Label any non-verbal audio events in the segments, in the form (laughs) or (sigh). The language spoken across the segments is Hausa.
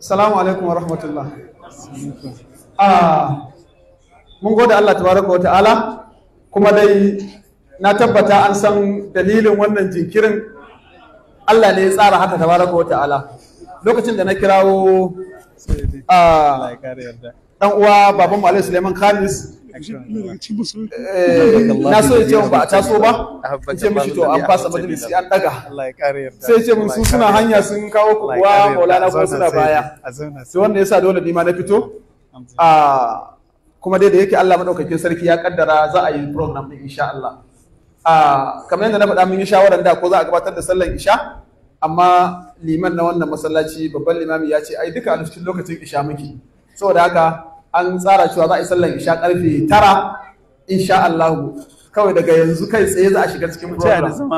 Salamu alaikum wa rahmatullah. Ah, mun gode Allah tabaraka wa ta'ala kuma dai na tabbata an san dalilin wannan jinkirin Allah ne ya tsara haka tabaraka wa ta'ala. Lokacin da na kirawo dan uwa baban Malam Suleiman Khamis eh, na so ya ce ba a taso ba ce mishi to an fasa majalisi an daga sai ce mun su suna hanya sun kawo kuwa maulana ko suna baya sai wanda yasa dole ni ma na fito a ah, kuma dai da yake Allah madaukakin sarki ya kaddara za a yi program din insha Allah a ah, kamar yadda na faɗa mun yi shawaran da ko za a gabatar da sallar isha amma liman na wannan masallaci babban limami ya ce ai duka a lokacin isha muke saboda haka an tsara cewa za a yi sallar isha karfe tara insha Allah kawai daga yanzu kai tsaye za a shiga cikin program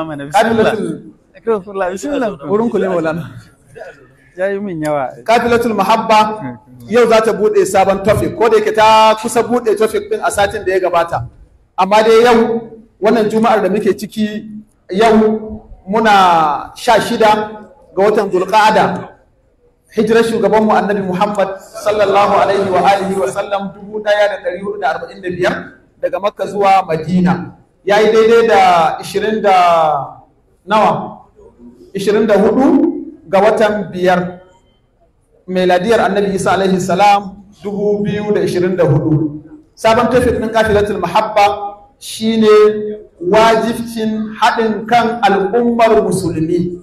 ya yi min kafilatul mahabba yau za ta bude sabon topic ko da yake ta kusa bude topic din a satin da ya gabata amma dai yau wannan juma'ar da muke ciki yau muna sha shida ga watan dulqa'ada. hijirar mu annabi Muhammad sallallahu alaihi wa alihi wa sallam dubu ɗaya da ɗari hudu da arba'in da biyar daga Makka zuwa Madina ya yi daidai da ishirin da nawa ishirin da hudu ga watan biyar meladiyar annabi Isa alaihi salam dubu biyu da ishirin da hudu sabon tafiya ɗin kafilatul mahabba shine wajibcin haɗin kan al'ummar musulmi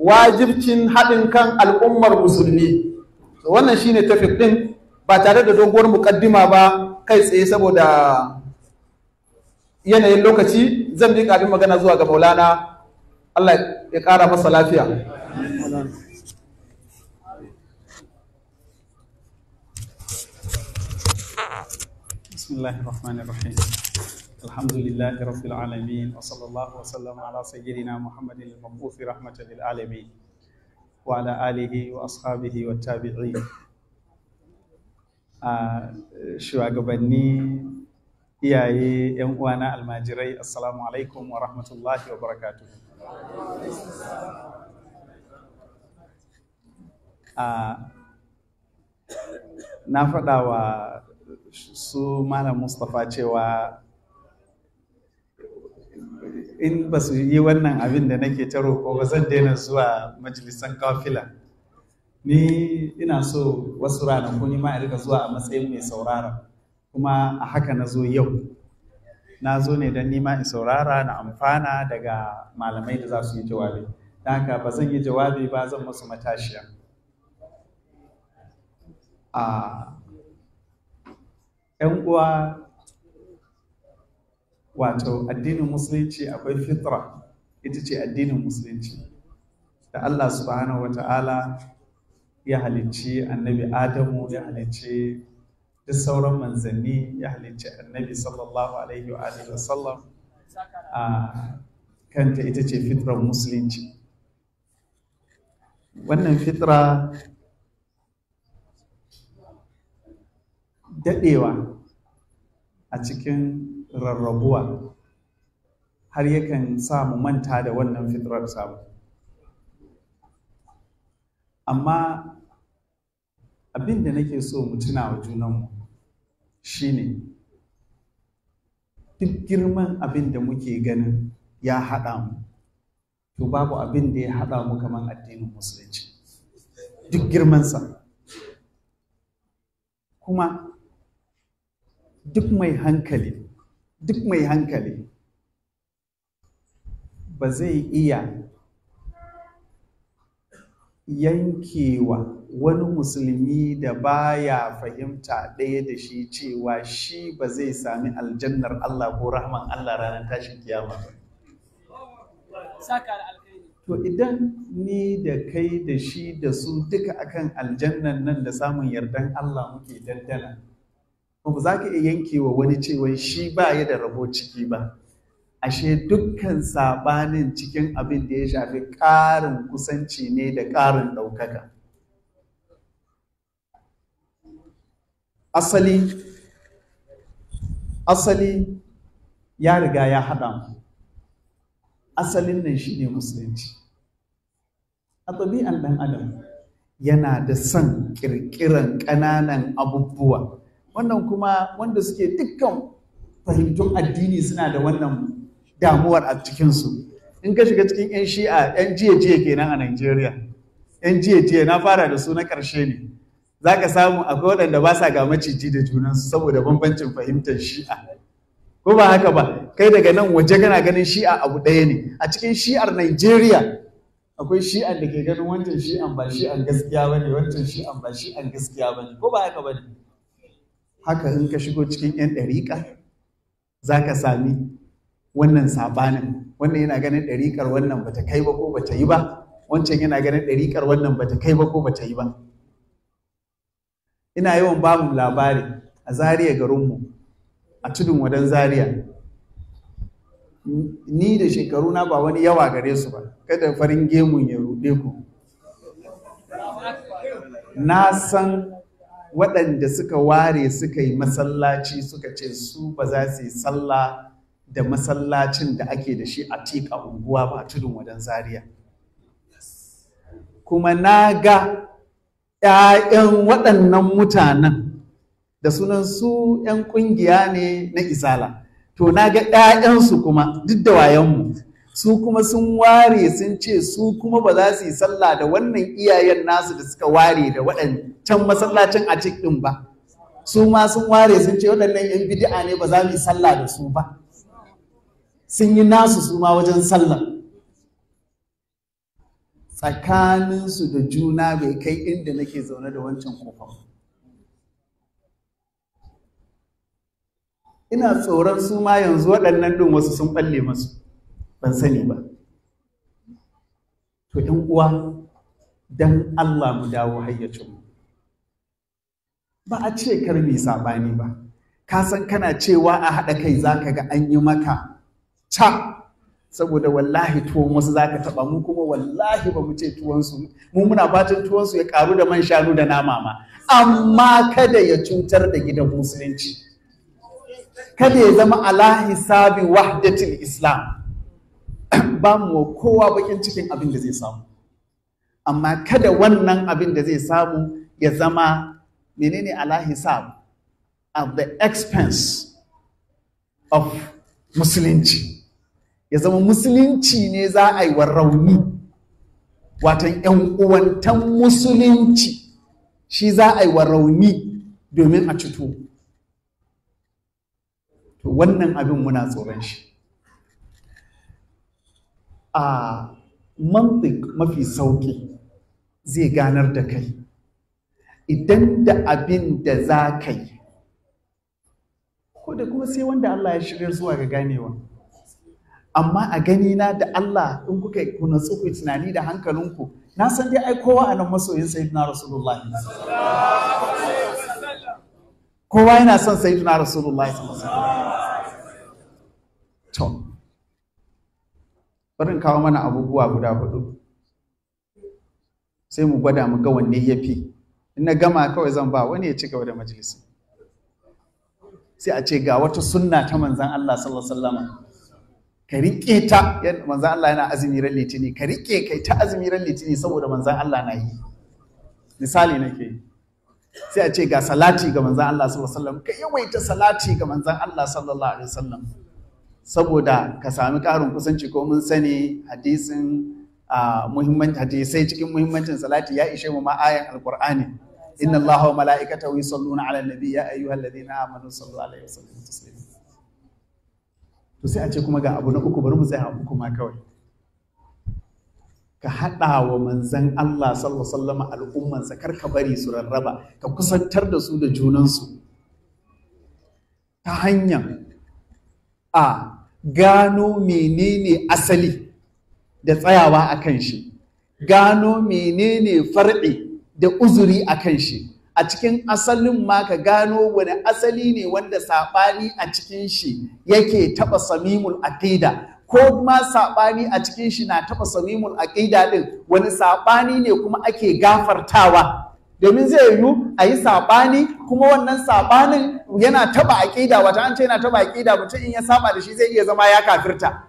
wajibcin haɗin kan al'ummar musulmi wannan shine tafik ɗin ba tare da doguwar muƙaddima ba kai tsaye saboda yanayin lokaci zan bi abin magana zuwa ga maulana Allah ya ƙara masa lafiya بسم alhamdulillahi rafil alamin wa sallallahu wa sallam ala sayyidi na muhammadin al-mabbufi rahmatul alami wa ala wa ashabihi ah, shugabanni iyaye yan uwana almajirai assalamu alaikum wa rahmatullahi wa barakatuhu ah, na fada wa su mana mustafa cewa in ba su yi wannan abin da nake ta roƙo ba zan daina zuwa majalisan kafila ni ina so wasu ranar ni ma rika zuwa a matsayin mai saurara kuma a haka na zo yau na zo ne don nima in saurara na amfana daga malamai da za su yi jawabi don haka ba zan yi jawabi ba zan masu matashiya a uwa wato addinin musulunci akwai fitra ita ce addinin musulunci da Allah subhanahu wata'ala ya halicci annabi Adamu ya halicci duk sauran manzanni ya halicci annabi sallallahu alaihi wa sallam, ah, kanta ita ce fitrar musulunci wannan fitra daɗewa a cikin rarrabuwa har yakan sa mu manta da wannan fitrar samu amma abin da nake so mu tuna wa junanmu shi ne, duk girman abin da muke ganin ya haɗa mu to babu abin da ya haɗa mu kamar addinin musulunci duk girmansa kuma duk mai hankali duk mai hankali ba zai iya yankewa wani musulmi da baya fahimta ɗaya da shi cewa shi ba zai sami aljannar Allah ko rahman Allah ranar tashin kiyama ba. To idan ni da kai da shi da su duka akan aljannan nan da samun yardan Allah muke daddana. ba za ka iya yanke wa wani cewa shi ba ya da rabo ciki ba ashe dukkan sabanin cikin abin da ya shafi ƙarin kusanci ne da ƙarin ɗaukaka asali asali ya riga ya haɗa mu asalin nan shi ne musulunci a ɗabi'an ɗan adam yana da son ƙirƙiran ƙananan abubuwa wannan kuma wanda suke dukkan fahimtun addini suna da wannan damuwar a cikinsu in ka shiga cikin 'yan shi'a 'yan jiye-jiye kenan a Najeriya 'yan jiye-jiye na fara da su na karshe ne za ka samu akwai waɗanda ba sa ga maciji da junansu saboda bambancin fahimtar shi'a ko ba haka ba kai daga nan waje kana ganin shi'a abu ɗaya ne a cikin shi'ar Najeriya akwai shi'an da ke ganin wancan shi'an ba shi'an gaskiya ba ne wancan shi'an ba shi'an gaskiya ba ne ko ba haka ba ne haka in ka shigo cikin 'yan ɗariƙa za ka sami wannan sabanin wannan yana ganin ɗariƙar wannan bata kai ba ko bata yi ba wancan yana ganin ɗariƙar wannan bata kai ba ko bata yi ba ina yawan bamu labari a zariya garinmu a tudun wadan zariya ni da shekaru na ba wani yawa gare su ba kada farin gemun ya ruɗe ku na san waɗanda suka ware suka yi masallaci suka ce su ba za su yi sallah da masallacin da ake da shi a tika unguwa ba a tudun wajen Zariya. kuma na ga 'ya'yan waɗannan mutanen da sunan su 'yan ƙungiya ne na izala to na ga 'ya'yansu kuma duk da wayanmu su kuma sun ware sun ce su kuma ba za su yi sallah da wannan iyayen nasu da suka ware da waɗancan masallacin a cikin ba su ma sun ware sun ce waɗannan yan bid'a ne ba za mu yi sallah da su ba sun yi nasu su ma wajen sallah tsakaninsu da juna bai kai inda nake zaune da wancan kofa ina tsoron su ma yanzu waɗannan ɗin wasu sun ɓalle masu ban sani ba to ɗan uwa don Allah mu dawo hayyacinmu ba a ce kar mai ba ka san kana cewa a haɗa kai za ka ga an yi maka ca saboda wallahi tuwon wasu za ka taɓa mu kuma wallahi ba mu ce tuwonsu mu muna fatan tuwonsu ya ƙaru da man shanu da nama ma amma kada ya cutar da gidan musulunci kada ya zama ala hisabi wahdatul islam (clears throat) ba mu kowa bakin cikin abin da zai samu amma kada wannan abin da zai samu ya zama menene ala hisab at the expense of musulunci ya zama musulunci ne za a yi wa rauni watan ‘yan uwantan musulunci shi za a yi wa rauni domin a cito to wannan abin muna tsoron shi a mantik mafi sauki zai ganar da kai idan da abin da za ka yi ko da kuma sai wanda Allah ya shirya zuwa ga ganewa amma a gani na da Allah in kuka ku natsu tunani da hankalinku na san dai ai kowa a nan masoyin sayyidina rasulullahi kowa yana son sayyidina rasulullahi sallallahu alaihi wasallam to barin kawo mana abubuwa guda hudu sai mu gwada mu ga wanne ya fi in na gama kawai zan ba wani ya ci gaba da majalisi sai a ce ga wata sunna ta manzan Allah sallallahu alaihi wasallam ka riƙe ta manzan Allah yana azumi ran litini ka riƙe kai ta azumi ran litini saboda manzan Allah na yi misali nake yi sai a ce ga salati ga manzan Allah sallallahu alaihi wasallam ka yawaita salati ga manzan Allah sallallahu alaihi wasallam saboda ka sami ƙarin kusanci ko mun sani hadisin hadisai cikin muhimmancin salati ya ishe mu ma alkur'ani inna allaha wa mala'ikatahu yusalluna ala nabi ya ayyuhalladhina amanu sallu 'alaihi wa sallimu taslima to sai a ce kuma ga abu na uku bari mu tsaya a uku ma kawai ka haɗa wa manzan Allah sallallahu alaihi wasallam al'ummansa kar ka bari su rarraba ka kusantar da su da junansu ta hanyar a gano menene asali da tsayawa a kan shi gano menene farɗe da uzuri a kan shi a cikin asalin ma ka gano wani asali ne wanda saɓani a cikin shi yake taɓa samimul aƙida? ko ma saɓani a cikin shi na taɓa samimul aƙida ɗin wani saɓani ne kuma ake gafartawa domin zai yiwu a yi saɓani kuma wannan saɓanin yana taɓa aƙida wata an ce yana taɓa aƙida mutum in ya saba da shi zai iya zama ya kafirta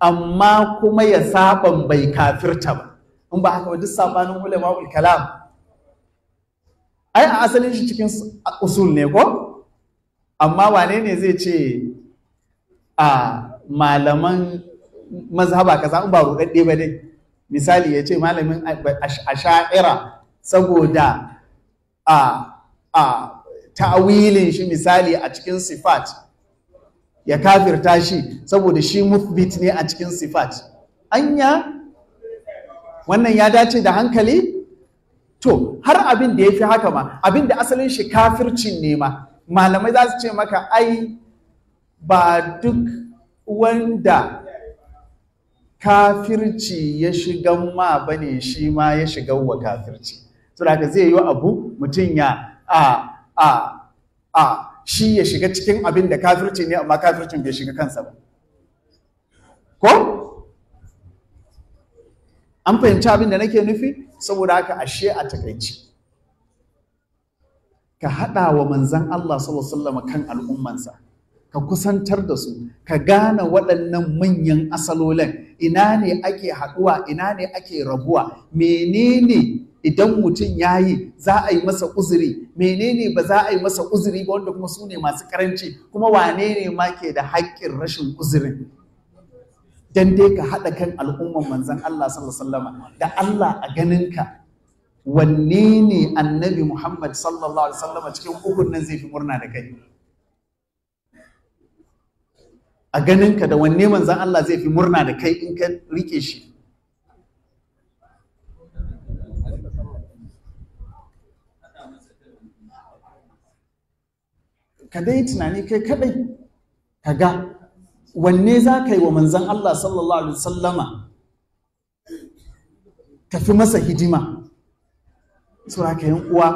amma kuma ya saɓan bai kafirta ba in ba haka duk saɓanin ulama kalam ai a asalin shi cikin usul ne ko amma wane ne zai ce a malaman mazhaba kaza in ba ruɗaɗɗe ba dai misali ya ce malamin a sha'ira. saboda a a ta'awilin shi misali a cikin sifat ya kafirta shi saboda shi mufbit ne a cikin sifat anya wannan ya dace da hankali to har abin da ya fi haka ma abin da asalin shi kafircin ne ma malamai za su ce maka ai ba duk wanda kafirci ya shigan ma bane shi ma ya shigan wa kafirci saboda zai yi abu mutum ya a a a shi ya shiga cikin abin da kafirci ne amma kafircin bai shiga kansa ba ko an fahimci abin da nake nufi saboda haka ashe a takaici ka haɗa wa manzan Allah sallallahu kan al'ummansa ka kusantar da su ka gane waɗannan manyan asalolin ina ne ake haɗuwa ina ne ake rabuwa menene idan mutum ya yi za a yi masa uzuri menene ba za a yi masa uzuri ba wanda kuma su ne masu karanci kuma wane ne ma ke da haƙƙin rashin uzurin dan dai ka haɗa kan al'umman manzan Allah sallallahu da Allah a ganinka wanne ne annabi Muhammad sallallahu alaihi wasallam cikin ukun nan zai fi murna da kai a ganinka da wanne manzon Allah zai fi murna da kai in ka rike shi ka dai tunani kai kadai ka ga wanne za ka yi wa manzan Allah sallallahu alaihi wasallama ka fi masa hidima sura ka yin uwa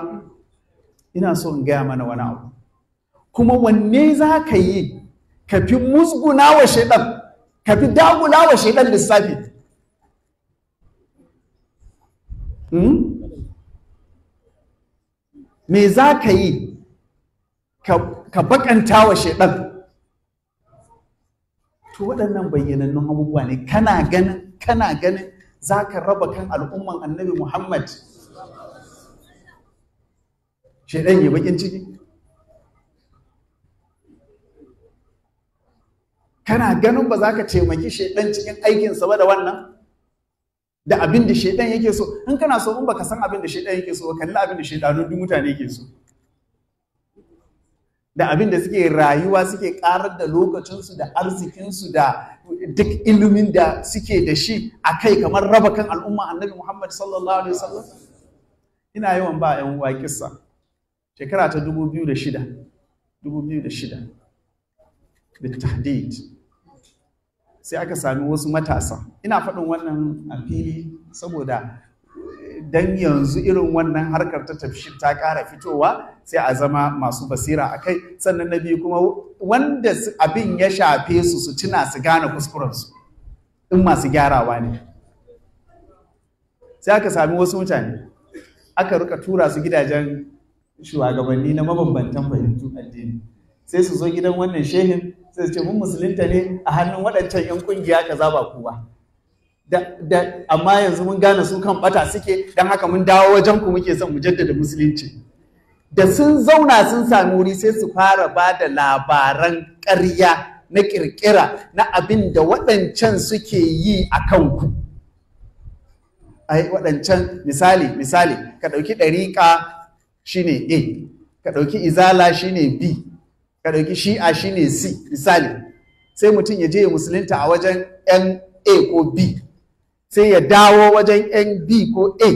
ina so in gaya mana wani abu kuma wanne za ka yi ka fi musguna wa shaidan ka fi dagula wa shaidan lissafi hmm? me za ka yi ka ka bakanta wa shaidan to waɗannan bayyanannun abubuwa ne kana ganin kana ganin za ka raba kan al'umman annabi muhammad shaidan ya bakin ciki kana ganin ba za ka taimaki shaidan cikin aikinsa ba da wannan da abin da shaidan yake so in kana so in baka san abin da shaidan yake so Ba kalli abin da shaidanun duk mutane yake so da abin da suke rayuwa suke karar da lokacinsu da arzikinsu da duk ilimin da suke da shi a kai kamar raba kan al'umma annabi Muhammad sallallahu alaihi wasallam ina yawan ba yan uwa kissa shekara ta 2006 2006 tahdid sai aka sami wasu matasa ina faɗin wannan a fili saboda dan yanzu irin wannan harkar ta tafshin ta ƙara fitowa sai a zama masu basira a kai sannan na biyu kuma wanda abin ya shafe su su tuna su gane kuskurensu in masu gyarawa ne sai aka sami wasu mutane aka rika tura su gidajen shugabanni na mabambantan fahimtu addini sai su zo gidan wannan shehin sai su ce mun musulunta ne a hannun waɗancan 'yan ƙungiya za ba ku ba da amma yanzu mun gane su kan bata suke don haka mun dawo wajen ku muke son mu jaddada musulunci da sun zauna sun sami wuri sai su fara ba da labaran ƙarya na ƙirƙira na abin da waɗancan suke yi a kanku ai waɗancan misali misali ka ɗauki ɗariƙa shine a ka ɗauki izala shine b ka ɗauki shi'a shine c misali sai mutum ya je musulunta a wajen 'yan a ko b sai ya dawo wajen yan b ko a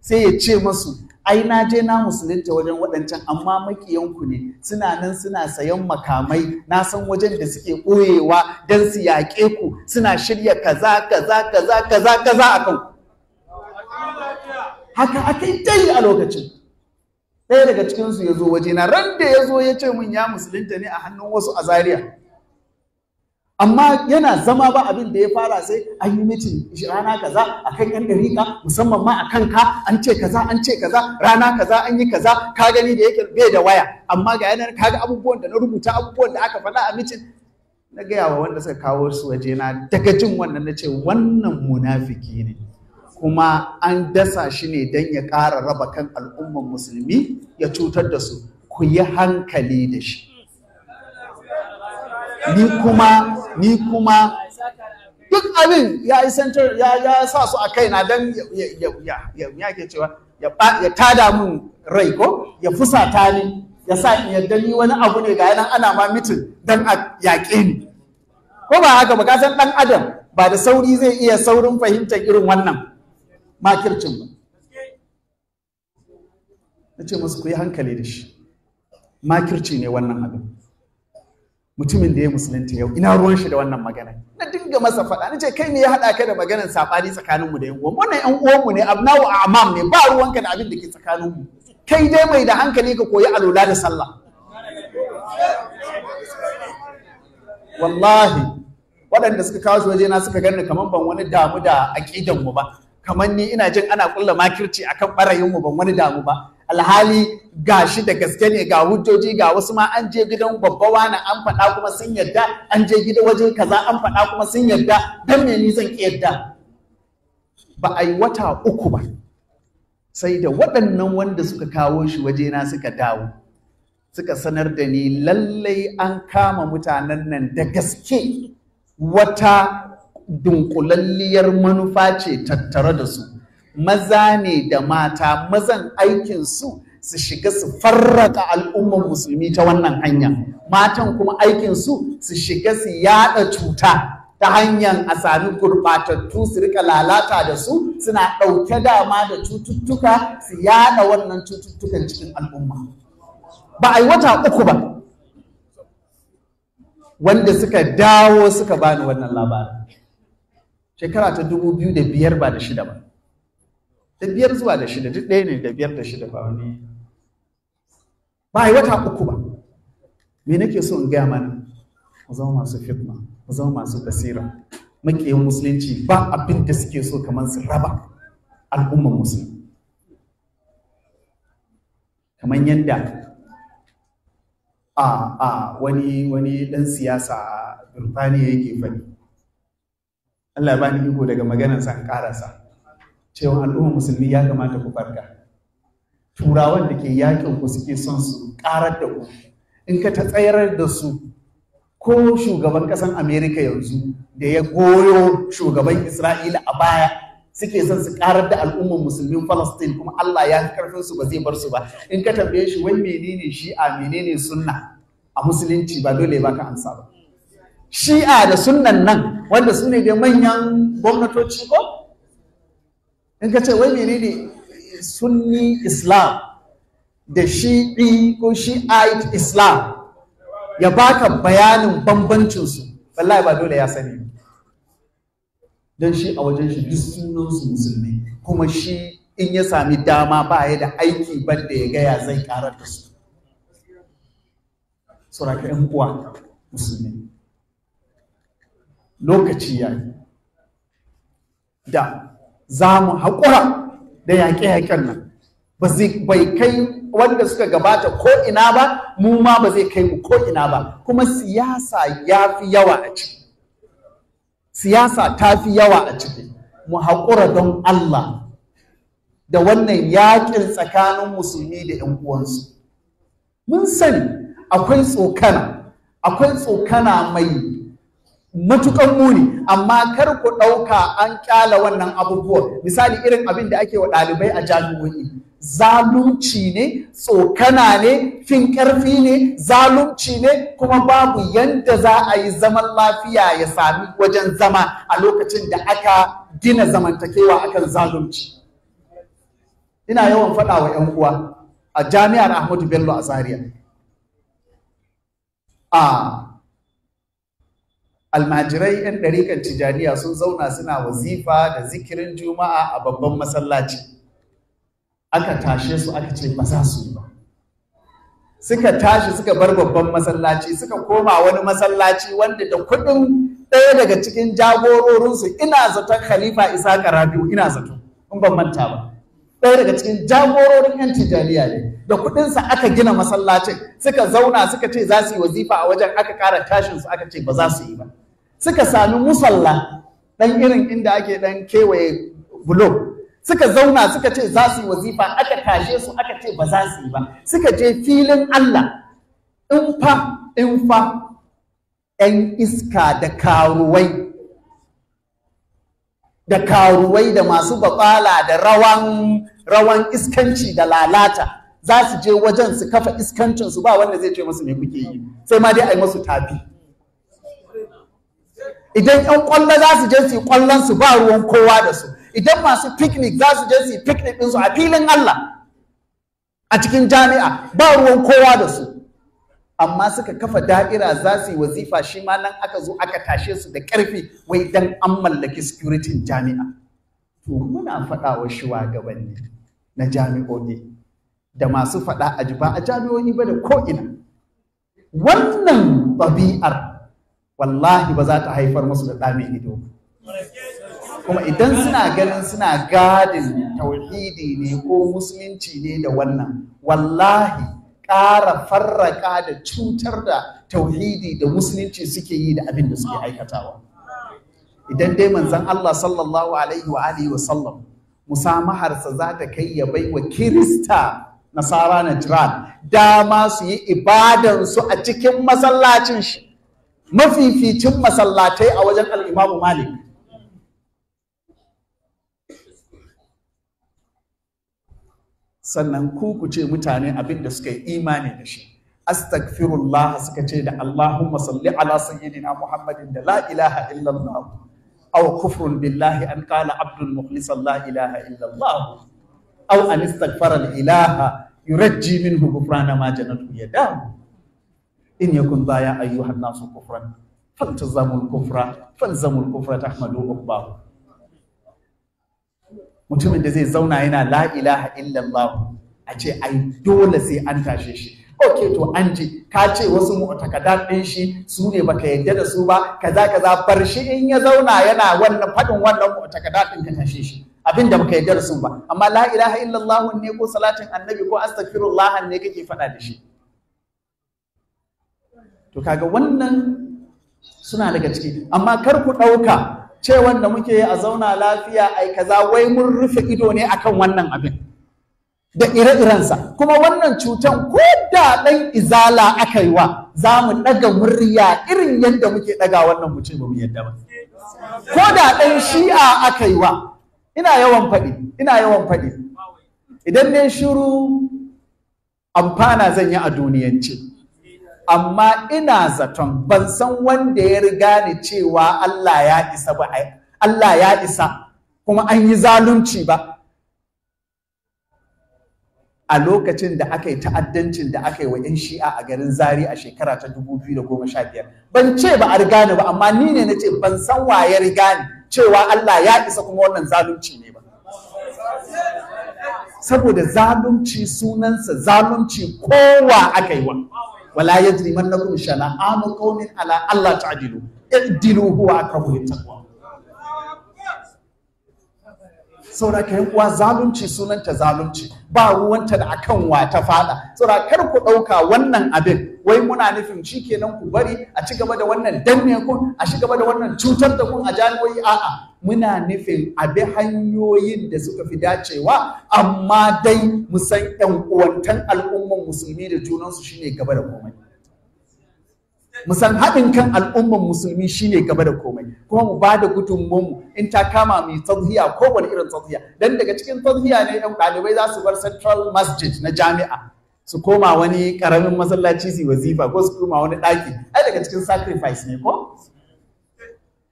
sai ya ce masu ai na je na musulunta wajen waɗancan amma makiyanku ne suna nan suna sayan makamai na san wajen da suke ɓoyewa don su yaƙe ku suna shirya kaza kaza kaza kaza kaza a kan haka aka yi tayi a lokacin ɗaya daga cikinsu ya zo wajena ran da ya zo ya ce mun ya musulunta ne a hannun wasu a Zariya. amma yana zama ba abin da ya fara sai an yi mitin rana kaza kan yan dariƙa musamman ma akan ka an ce kaza an ce kaza rana kaza an yi kaza ka gani da yake bai da waya amma ga yanar ka ga abubuwan da na rubuta abubuwan da aka faɗa a mitin na gaya wa wanda suka kawo su waje na daga jin wannan na ce wannan munafiki ne kuma an dasa shi ne don ya ƙara raba kan al'umman musulmi ya cutar da su ku yi hankali da shi ni kuma ni kuma duk abin ya center ya ya sa su a kaina dan ya ya ya ke cewa ya ya tada mun rai ko ya fusa fusata ni ya sa in yadda ni wani abu ne ga yanan ana ma mitin dan a yaƙe ni ko ba haka ba san dan adam ba da sauri zai iya saurin fahimtar irin wannan makircin ba na ce musu ku yi hankali da shi makirci ne wannan abin mutumin da ya musulunta yau ina ruwan shi da wannan magana na dinga masa faɗa na ce kai ne ya haɗa ka da maganar saɓani tsakaninmu da yan uwan wannan yan uwan mu ne abnawu a amam ne ba ruwanka da abin da ke mu kai dai mai da hankali ka koyi alola da sallah wallahi waɗanda suka kawo waje na suka gani kaman ban wani damu da mu ba kamar ni ina jin ana ƙulla makirci akan ɓarayin mu ban wani damu ba alhali ga shi da gaske ne ga hujjoji ga wasu ma an je gidan babba wani an faɗa kuma sun yarda an je gida wajen kaza an faɗa kuma sun yarda dan me ni zan yarda ba a yi wata uku ba sai da waɗannan wanda suka kawo shi waje na suka dawo suka sanar da ni lallai an kama mutanen nan da gaske wata dunkulalliyar manufa ce tattare da su maza ne da mata mazan aikin su su shiga su farraka al'ummar musulmi ta wannan hanya matan kuma aikin su su shiga su yada cuta ta hanyar a sami gurɓatattu su rika lalata da su suna ɗauke dama da cututtuka su yada wannan cututtukan cikin al'umma ba a yi wata uku ba wanda suka dawo suka bani wannan labarin shekara ta dubu biyu da biyar ba da shida ba da biyar zuwa da shida duk ɗaya ne da biyar da shida ba wani ba yi wata uku ba me nake so in gaya mana mu zama masu fitna mu zama masu basira maƙiyan musulunci ba abin da suke so kamar su raba al'ummar musulmi kamar yadda a wani wani ɗan siyasa a Birtaniya yake faɗi Allah ya bani iko daga maganarsa in ƙarasa cewa al'ummar musulmi ya kamata ku farka turawan da ke yakin ku suke son su karar da ku in ka ta tsayar da su ko shugaban ƙasan amerika yanzu da ya goyo shugaban isra'ila a baya suke son su karar da al'ummar musulmin falastin kuma allah ya karfin su ba zai bar su ba in ka tambaye shi wai menene shi'a menene sunna a musulunci ba dole ba ka amsa ba shi'a da sunnan nan wanda su ne da manyan gwamnatoci ko in ka ce wai menene sunni islam da shi'i ko shi'ait islam ya baka bayanin bambancinsu wallahi ba dole ya sani don shi a wajen shi duk sunansu musulmi kuma shi in ya sami dama ba ya da aiki banda ya gaya zai karar da su suraka yan uwa musulmi lokaci ya yi da za mu haƙura da yaƙe-yaƙen nan Ba bai kai wanda suka gabata ko ina ba mu ma ba zai kai mu ko ina ba kuma siyasa ya fi yawa a ciki siyasa ta fi yawa a ciki mu haƙura don Allah da wannan yaƙin tsakanin musulmi da 'yan uwansu mun sani akwai tsokana akwai tsokana mai matukan muni amma kar ku ɗauka an ƙyala wannan abubuwan misali irin abin da ake wa ɗalibai a jami'o'i zalunci ne tsokana ne fin ƙarfi ne zalunci ne kuma babu yanda za a yi zaman lafiya ya sami wajen zama a lokacin da aka gina zamantakewa akan zalunci ina yawan faɗa wa 'yan uwa a jami'ar ahmadu bello a zaria a ah, almajirai 'yan ɗarikan tijaniya sun zauna suna wazifa da zikirin juma'a a babban masallaci aka tashe su aka ce ba za su yi ba suka tashi suka bar babban masallaci suka koma wani masallaci wanda da kuɗin ɗaya daga cikin jagororinsu ina zaton khalifa isa karabi ina zato in ban manta ba ɗaya daga cikin jagororin 'yan tijaniya ne da kuɗinsa aka gina masallacin suka zauna suka ce za su yi wazifa a wajen aka ƙara tashinsu aka ce ba za su yi ba suka sami musalla ɗan irin inda ake ɗan kewaye bulo suka zauna suka ce za su yi wazifa aka tashe su aka ce ba za su yi ba suka je filin Allah in fa in fa ‘yan iska da karuwai da karuwai da masu baƙala da rawan rawan iskanci da lalata za su je wajen su kafa iskancin su ba wanda zai ce musu me kuke yi sai ma dai a yi musu tafi idan yan kwallo za su je su kwallon su ba ruwan kowa da su idan masu picnic za su je su yi picnic ɗinsu a filin Allah a cikin jami'a ba ruwan kowa da su amma suka kafa da'ira za su yi wazifa shi ma nan aka zo aka tashe su da ƙarfi wai dan an mallaki security jami'a to muna faɗa wa shugabanni na jami'o'i da masu faɗa a ji ba a jami'o'i ba da ko'ina wannan ɗabi'ar wallahi ba za ta haifar musu da ɗame ido kuma idan suna ganin suna gadin tauhidi ne ko musulunci ne da wannan wallahi ƙara farraka da cutar da tauhidi da musulunci suke yi da abin da suke aikatawa idan dai manzon Allah sallallahu alaihi wa alihi wa sallam musamaharsa za ta kai ya bai wa kirista nasara na jiran dama su yi ibadansu a cikin masallacin shi mafificin masallatai a wajen al'imamu malik sannan ku ku ce mutane abin da suka yi imani da shi astaghfirullah suka ce da Allahumma salli ala sayyidina Muhammadin da la ilaha illallah aw kufrun billahi an qala abdul mukhlis la ilaha illallah aw an istaghfara al ilaha yurajji minhu ghufrana ma janatu yadahu in yakun baya ayyuhan nasu kufran faltazamul kufra falzamul kufra tahmadu ubba mutumin da zai zauna yana la ilaha illallah a ce ai dole sai an tashe shi ok to an ji ka ce wasu mu'takadat din shi su ne baka yadda da su ba kaza kaza bar shi in ya zauna yana wannan fadin wannan mu'takadat din ka tashe shi abin da baka yadda da su ba amma la ilaha illallah ne ko salatin annabi ko astaghfirullah ne kake faɗa da shi to kaga wannan suna daga ciki amma kar ku ɗauka ce wanda muke a zauna lafiya ai kaza wai mun rufe ido ne akan wannan abin da ire iren sa, kuma wannan cutan ko da ɗan izala aka yi wa za mu ɗaga murya irin yadda muke ɗaga wannan mutum ba mu yadda ba ko da ɗan shi'a aka yi wa ina yawan faɗi ina yawan faɗi idan ne shiru amfana zan yi a duniyance amma ina zaton ban san wanda ya riga ni cewa Allah ya isa ba Allah ya isa kuma an yi zalunci ba a lokacin da aka yi ta'addancin da aka yi wa 'yan shi'a a garin zari a shekara ta 2015 ban ce ba a riga ni ba amma ni ne na ce ban san wa ya riga ni cewa Allah ya isa kuma wannan zalunci ne ba saboda zalunci sunansa zalunci kowa aka yi wa wala yajrimannakum shana'anu qaumin ala alla ta'dilu ka yan uwa zalunci sunanta zalunci ba ruwanta da akan wa ta fada saboda kar ku dauka wannan abin wai muna nufin shi kenan ku bari a ci gaba da wannan danne kun a cigaba da wannan cutar da kun a jami'o'i a'a muna nufin abi hanyoyin da suka fi dacewa amma dai mu san ƴan uwantan al'umman musulmi da junansu shine gaba da komai mu san haɗin kan al'umman musulmi shine gaba da komai kuma mu ba da mu in ta kama mai tazhiya ko wani irin tazhiya dan daga cikin tazhiya ne ɗan ɗalibai za su bar central masjid na jami'a su koma wani ƙaramin masallaci su wazifa ko su koma wani ɗaki ai daga cikin sacrifice ne ko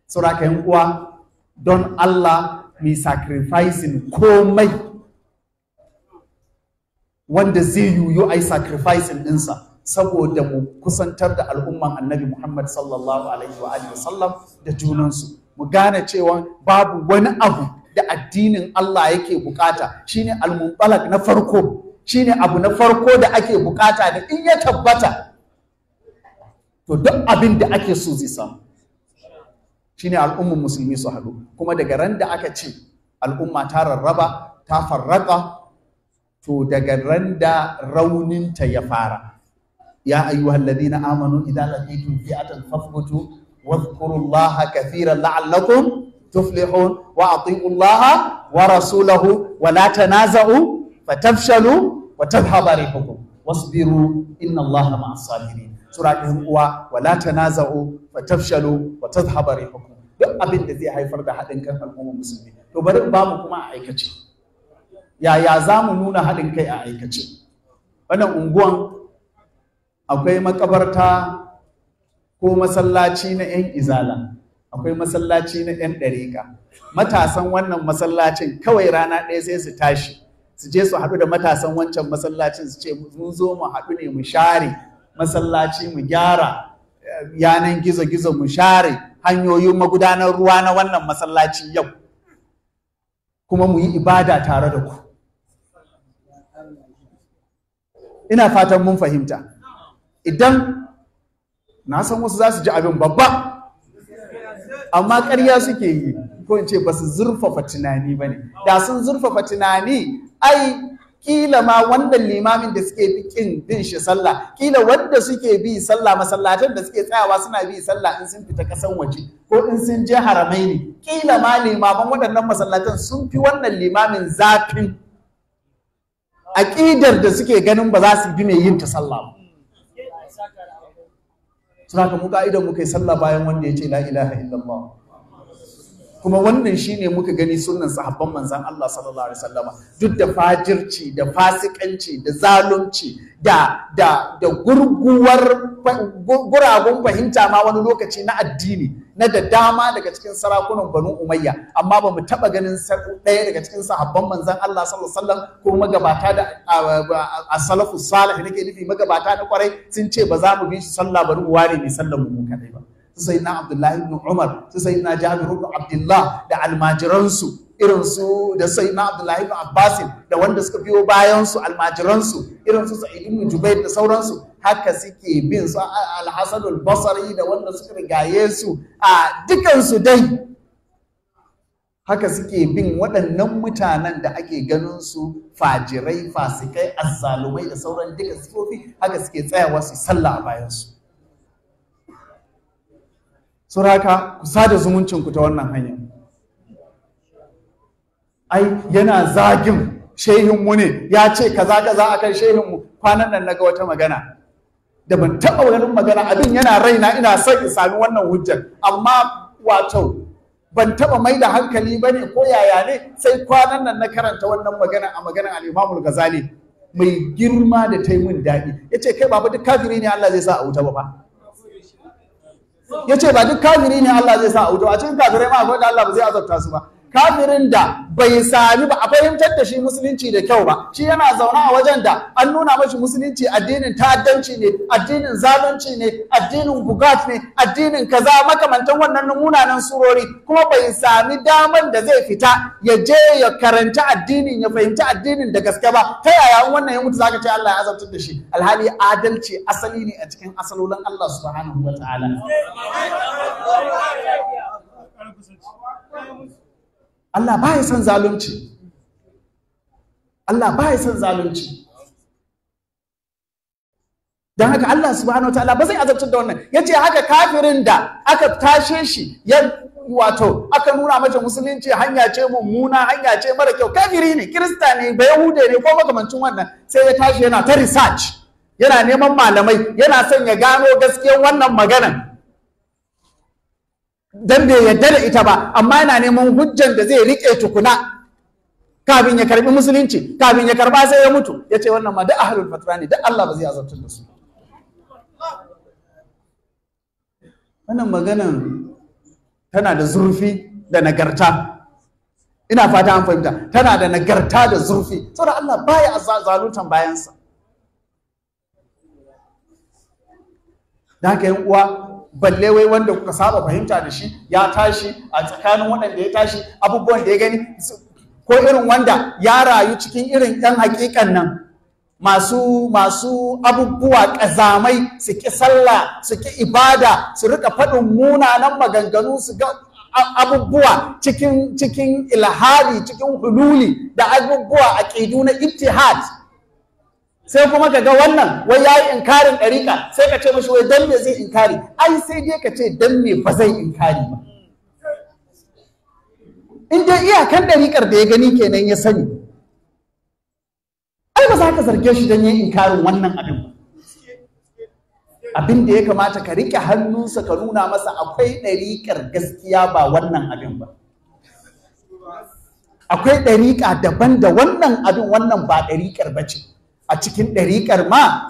saboda uwa don Allah mai sacrificing komai wanda zai yiwu a yi sacrificing ɗinsa saboda mu kusantar da al'umman annabi Muhammad sallallahu alaihi wa sallam da junansu mu gane cewa babu wani abu da addinin Allah yake bukata shine al-muntalaq na farko shine abu na farko da ake bukata da in ya tabbata to duk abin da ake so zai samu shine al'ummar musulmi su haɗu kuma daga ran da aka ce al'umma ta rarraba ta farraka to daga ran da rauninta ya fara ya ayyuhal ladina amanu idza laqitum fi'atan fathbutu واذكروا الله كثيرا لعلكم تفلحون واطيعوا الله ورسوله ولا تنازعوا فتفشلوا وتذهب ريحكم واصبروا ان الله مع الصابرين sura ɗin uwa wala tanaza'u wa tafshalu wa ta tadhhabu rihukum duk abin da zai haifar da haɗin kan al'ummar musulmi to bari ba mu kuma a aikace yaya za mu nuna haɗin kai a aikace wannan unguwan akwai makabarta ko masallaci na 'yan izala akwai masallaci na 'yan ɗariƙa matasan wannan masallacin kawai rana ɗaya sai su tashi su je su haɗu da matasan wancan masallacin su ce mun zo mu haɗu ne mu share masallaci mu gyara yanan gizo-gizo mu share hanyoyin magudanar ruwa na wannan masallaci yau kuma mu yi ibada tare da ku ina fatan mun fahimta idan na san wasu za su ji abin babba amma ƙarya suke yi ko in ce ba su zurfafa tunani ba ne da sun zurfafa tunani ai kila ma wannan limamin da suke bikin bin shi sallah kila wanda suke bi sallah masallatan da suke tsayawa suna bi sallah in sun fita kasan waje ko in sun je haramai ne kila ma limaman waɗannan masallatan sun fi wannan limamin zafin aƙidar da suke ganin ba za su bi mai yin ta sallah ba suna ka mu ka'idar mu kai sallah bayan wanda ya ce la ilaha illallah kuma wannan shine muka gani sunan sahabban manzan Allah sallallahu alaihi wasallama duk da fajirci da fasikanci da zalunci da da da gurguwar guragun fahimta ma wani lokaci na addini na da dama daga cikin sarakunan Banu Umayya amma bamu taɓa taba ganin daya daga cikin sahabban manzan Allah sallallahu alaihi wasallam ko magabata da as-salafu salih nake nufi magabata na kwarai sun ce ba za mu bi shi sallah bari mu ware mai mu kadai ba sai na abdullahi ibn umar sai na jabir ibn abdullah da almajiransu irin su da sai abdullahi ibn abbasin da wanda suka biyo bayan su almajiransu irin su sa'id ibn jubair da sauransu haka suke bin su al basri da wanda suka rigaye su a dukansu dai haka suke bin waɗannan mutanen da ake ganin su fajirai fasikai azzalumai da sauran duka sifofi haka suke tsayawa su sallah a bayansu suraka ku sada zumuncin ku ta wannan hanya ai yana zagin shehin mu ne ya ce kaza kaza akan shehin mu kwanan nan ga wata magana da ban taɓa wani magana abin yana raina ina son in sami wannan hujjar amma wato ban taɓa mai da hankali ba ne ko yaya ne sai kwanan nan na karanta wannan magana a magana maganar al'imamul ghazali mai girma da ta yi min daɗi ya ce kai Baba duk kafiri ne Allah zai sa a wuta ba ya ce ba duk kafiri ne Allah zai sa a wuta a cikin kafirai ma akwai da Allah ba zai azabta su ba kafirin da bai sami ba a fahimtar da shi musulunci da kyau ba shi yana zaune a wajen da an nuna mashi musulunci addinin ta'addanci ne addinin zalunci ne addinin bugat ne addinin kaza makamantan wannan munanan surori kuma bai sami daman da zai fita ya je ya karanta addinin ya fahimci addinin da gaske ba ta yaya wannan ya mutu zaka ce Allah ya azabtar da shi alhali adalci asali ne a cikin asalolin Allah subhanahu wataala Allah ba ya son zalunci Allah ba ya san zalunci don haka Allah subhanahu wa ta'ala ba zai azabtar da wannan ya ce haka kafirin da aka tashe shi ya wato aka nuna mace, musulunci hanya ce mummuna hanya ce mara kyau kafiri ne kirista ne ba yahude ne ko makamancin wannan sai ya tashi yana ta research yana neman malamai yana son ya gano gaskiyar wannan maganan dan bai yarda da ita ba amma yana neman hujjan da zai rike tukuna kafin ya karbi musulunci kafin ya karba sai ya mutu ya ce wannan ma da ahlul fatra ne da Allah ba zai azabtar da su wannan maganan tana da zurfi da nagarta ina fata an fahimta tana da nagarta da zurfi saboda Allah baya zalutan bayansa da haka yan uwa balle wai wanda kuka saba fahimta da shi ya tashi a tsakanin waɗanda ya tashi abubuwan da ya gani ko irin wanda ya rayu cikin irin ɗan hakikan nan masu masu abubuwa ƙazamai su ki sallah su ki ibada su rika faɗin munanan maganganu su ga abubuwa cikin cikin ilhari cikin hululi da abubuwa aƙidu na ittihad sai kuma ka ga wannan wai ya yi inkarin ɗariƙa sai ka ce mashi wai dan me zai inkari ai sai dai ka ce don me ba zai inkari ba in dai iyakan ɗariƙar da ya gani kenan ya sani ai ba za ka zarge shi dan yin inkarin wannan abin ba abin da ya kamata ka riƙe hannunsa ka nuna masa akwai ɗariƙar gaskiya ba wannan abin ba akwai ɗariƙa daban da wannan abin wannan ba ɗariƙar ba ce a cikin ɗariƙar ma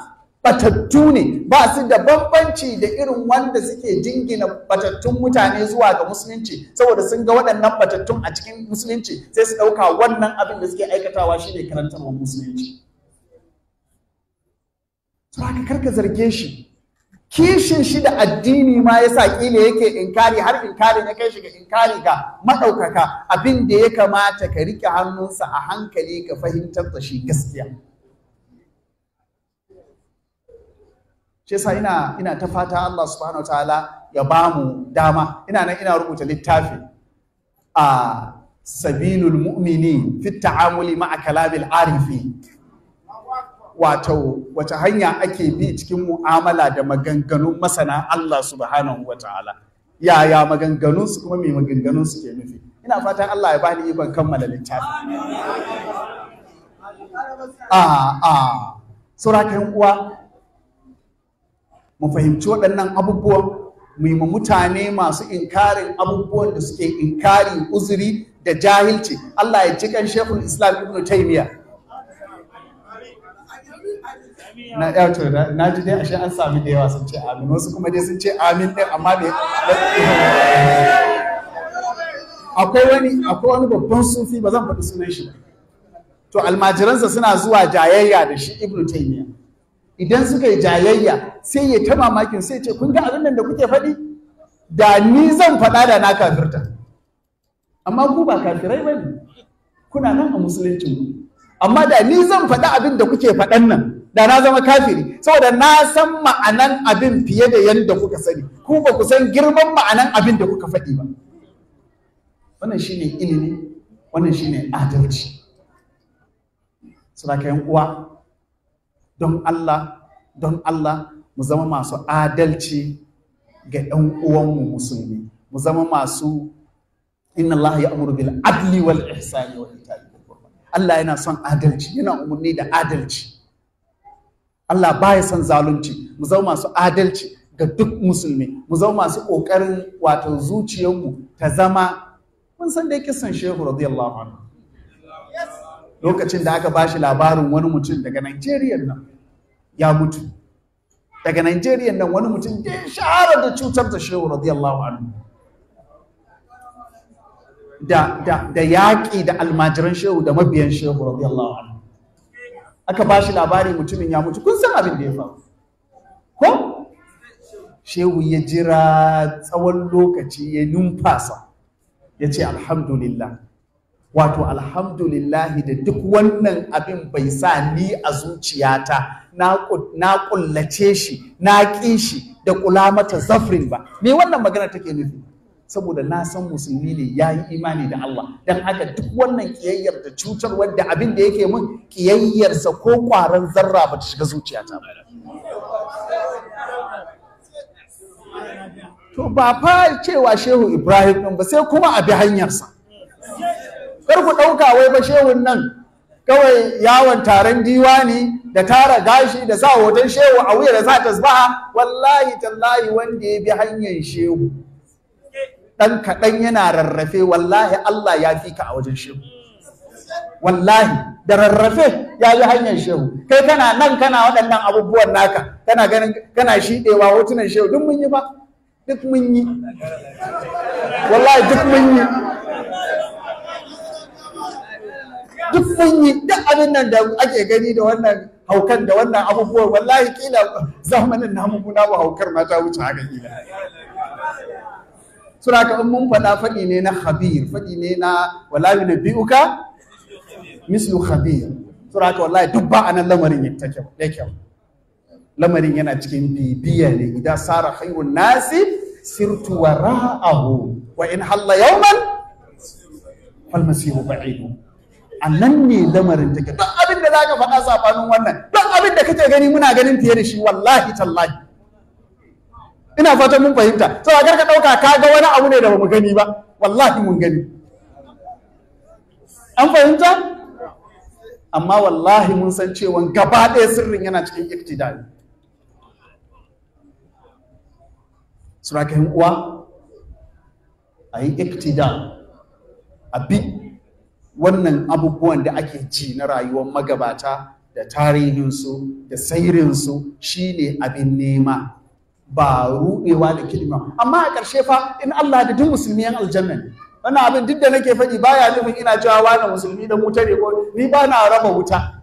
batattu ne ba su da bambanci da irin wanda suke jingina batattun mutane zuwa ga musulunci saboda sun ga waɗannan batattun a cikin musulunci sai su ɗauka wannan abin da suke aikatawa shine karantarwar musulunci to karka zarge shi kishin shi da addini ma yasa ƙila yake inkari har inkari na kai shi ga inkari ga maɗaukaka abin da ya kamata ka riƙe hannunsa a hankali ka fahimtar da shi gaskiya shi yasa ina ina ta fata Allah subhanahu ta'ala ya mu dama ina nan ina rubuta littafi a sabilul mu'mini fi ta'amuli ma'a kalamil arifi wato wata hanya ake bi cikin mu'amala da maganganun masana Allah subhanahu ya yaya maganganun su kuma me maganganun su ke nufi ina fatan Allah ya bani ikon kammala littafi a a kan uwa mu fahimci waɗannan abubuwan mu yi mutane masu inkarin abubuwan da suke inkarin uzuri da jahilci Allah ya ji kan shekul islam ibn taymiya na yato na ji dai ashe an sami da yawa sun ce amin wasu kuma dai sun ce amin din amma da akwai wani akwai wani babban sufi ba zan faɗi sunan shi ba to almajiransa suna zuwa jayayya da shi ibn taymiya idan suka yi jayayya sai ya ta mamakin sai ce kun ga abin nan da kuke faɗi da ni zan faɗa da na kafirta amma ku ba kafirai ba ne kuna nan a musuluncin ku amma da ni zan faɗa abin da kuke faɗan nan da na zama kafiri saboda na san ma'anan abin fiye da yadda kuka sani ku ba ku san girman ma'anan abin da kuka faɗi ba wannan shine ilimi wannan shine adalci sura kayan uwa don Allah don Allah mu zama masu adalci ga ɗan uwanmu musulmi mu zama masu inna Allah ya amuru bil adli wal ihsani wal ita'i Allah yana son adalci yana umurni da adalci Allah ba ya son zalunci mu zama masu adalci ga duk musulmi mu zama masu ƙoƙarin wato zuciyarmu ta zama mun san dai son shehu radiyallahu anhu lokacin da aka bashi labarin wani mutum daga Najeriya nan ya mutu daga Najeriya nan wani mutum da ya shahara da cutar da shehu radiyallahu anhu da da da yaƙi da almajiran shehu da mabiyan shehu radiyallahu anhu aka ba shi labari mutumin ya mutu kun san abin da ya faru ko shehu ya jira tsawon lokaci ya numfasa ya ce alhamdulillah wato alhamdulillahi da duk wannan abin bai sa ni a zuciyata na kullace shi na ƙi shi da kula mata zafrin ba me wannan magana take nufi saboda na san musulmi ne ya yi imani da Allah don haka duk wannan kiyayyar da cutar wadda abin da yake mun kiyayyarsa ko kwaran zarra ba ta shiga zuciyata ba to ba fa cewa shehu ibrahim ɗin ba sai kuma a bi hanyarsa kar ku ɗauka wai ba shehun nan kawai yawon taron diwani da tara gashi da sa hoton shehu a wuya da za ta tasbaha wallahi tallahi wanda ya bi hanyar shehu ɗan kaɗan yana rarrafe wallahi Allah ya fi ka a wajen shehu wallahi da rarrafe ya yi hanyar shehu kai kana nan kana waɗannan abubuwan naka kana ganin kana shiɗewa hotunan shehu duk mun yi ba duk mun yi wallahi duk mun yi duk mun yi duk abin nan da ake gani da wannan haukan da wannan abubuwan wallahi kila zamanin namu muna ba haukar mata wuce haka kila suna ka in mun faɗa faɗi ne na khabir faɗi ne na wallahi na bi'uka mislu khabir suna ka wallahi duk ba anan lamarin ya kyau da kyau lamarin yana cikin bibiya ne idan sara khairun nasi sirtu wara'ahu wa in halla yawman fal masihu ba'idu a nan ne lamarin take duk abin da za ka faɗa safanin wannan duk abin da kake gani muna ganin fiye da shi wallahi tallahi ina fatan mun fahimta sai kar ka ɗauka ka ga wani abu ne da bamu gani ba wallahi mun gani an fahimta amma wallahi mun san cewa gaba ɗaya sirrin yana cikin iktidali surakahin uwa a yi iktidal a bi wannan abubuwan da ake ji na rayuwar magabata da tarihinsu da sairinsu shi ne abin nema ba ruɗewa da kilima amma a ƙarshe fa in Allah da duk musulmi yan aljanna ne wannan abin duk da nake faɗi baya nufin ina cewa wani musulmi da wuta ne ko ni ba na raba wuta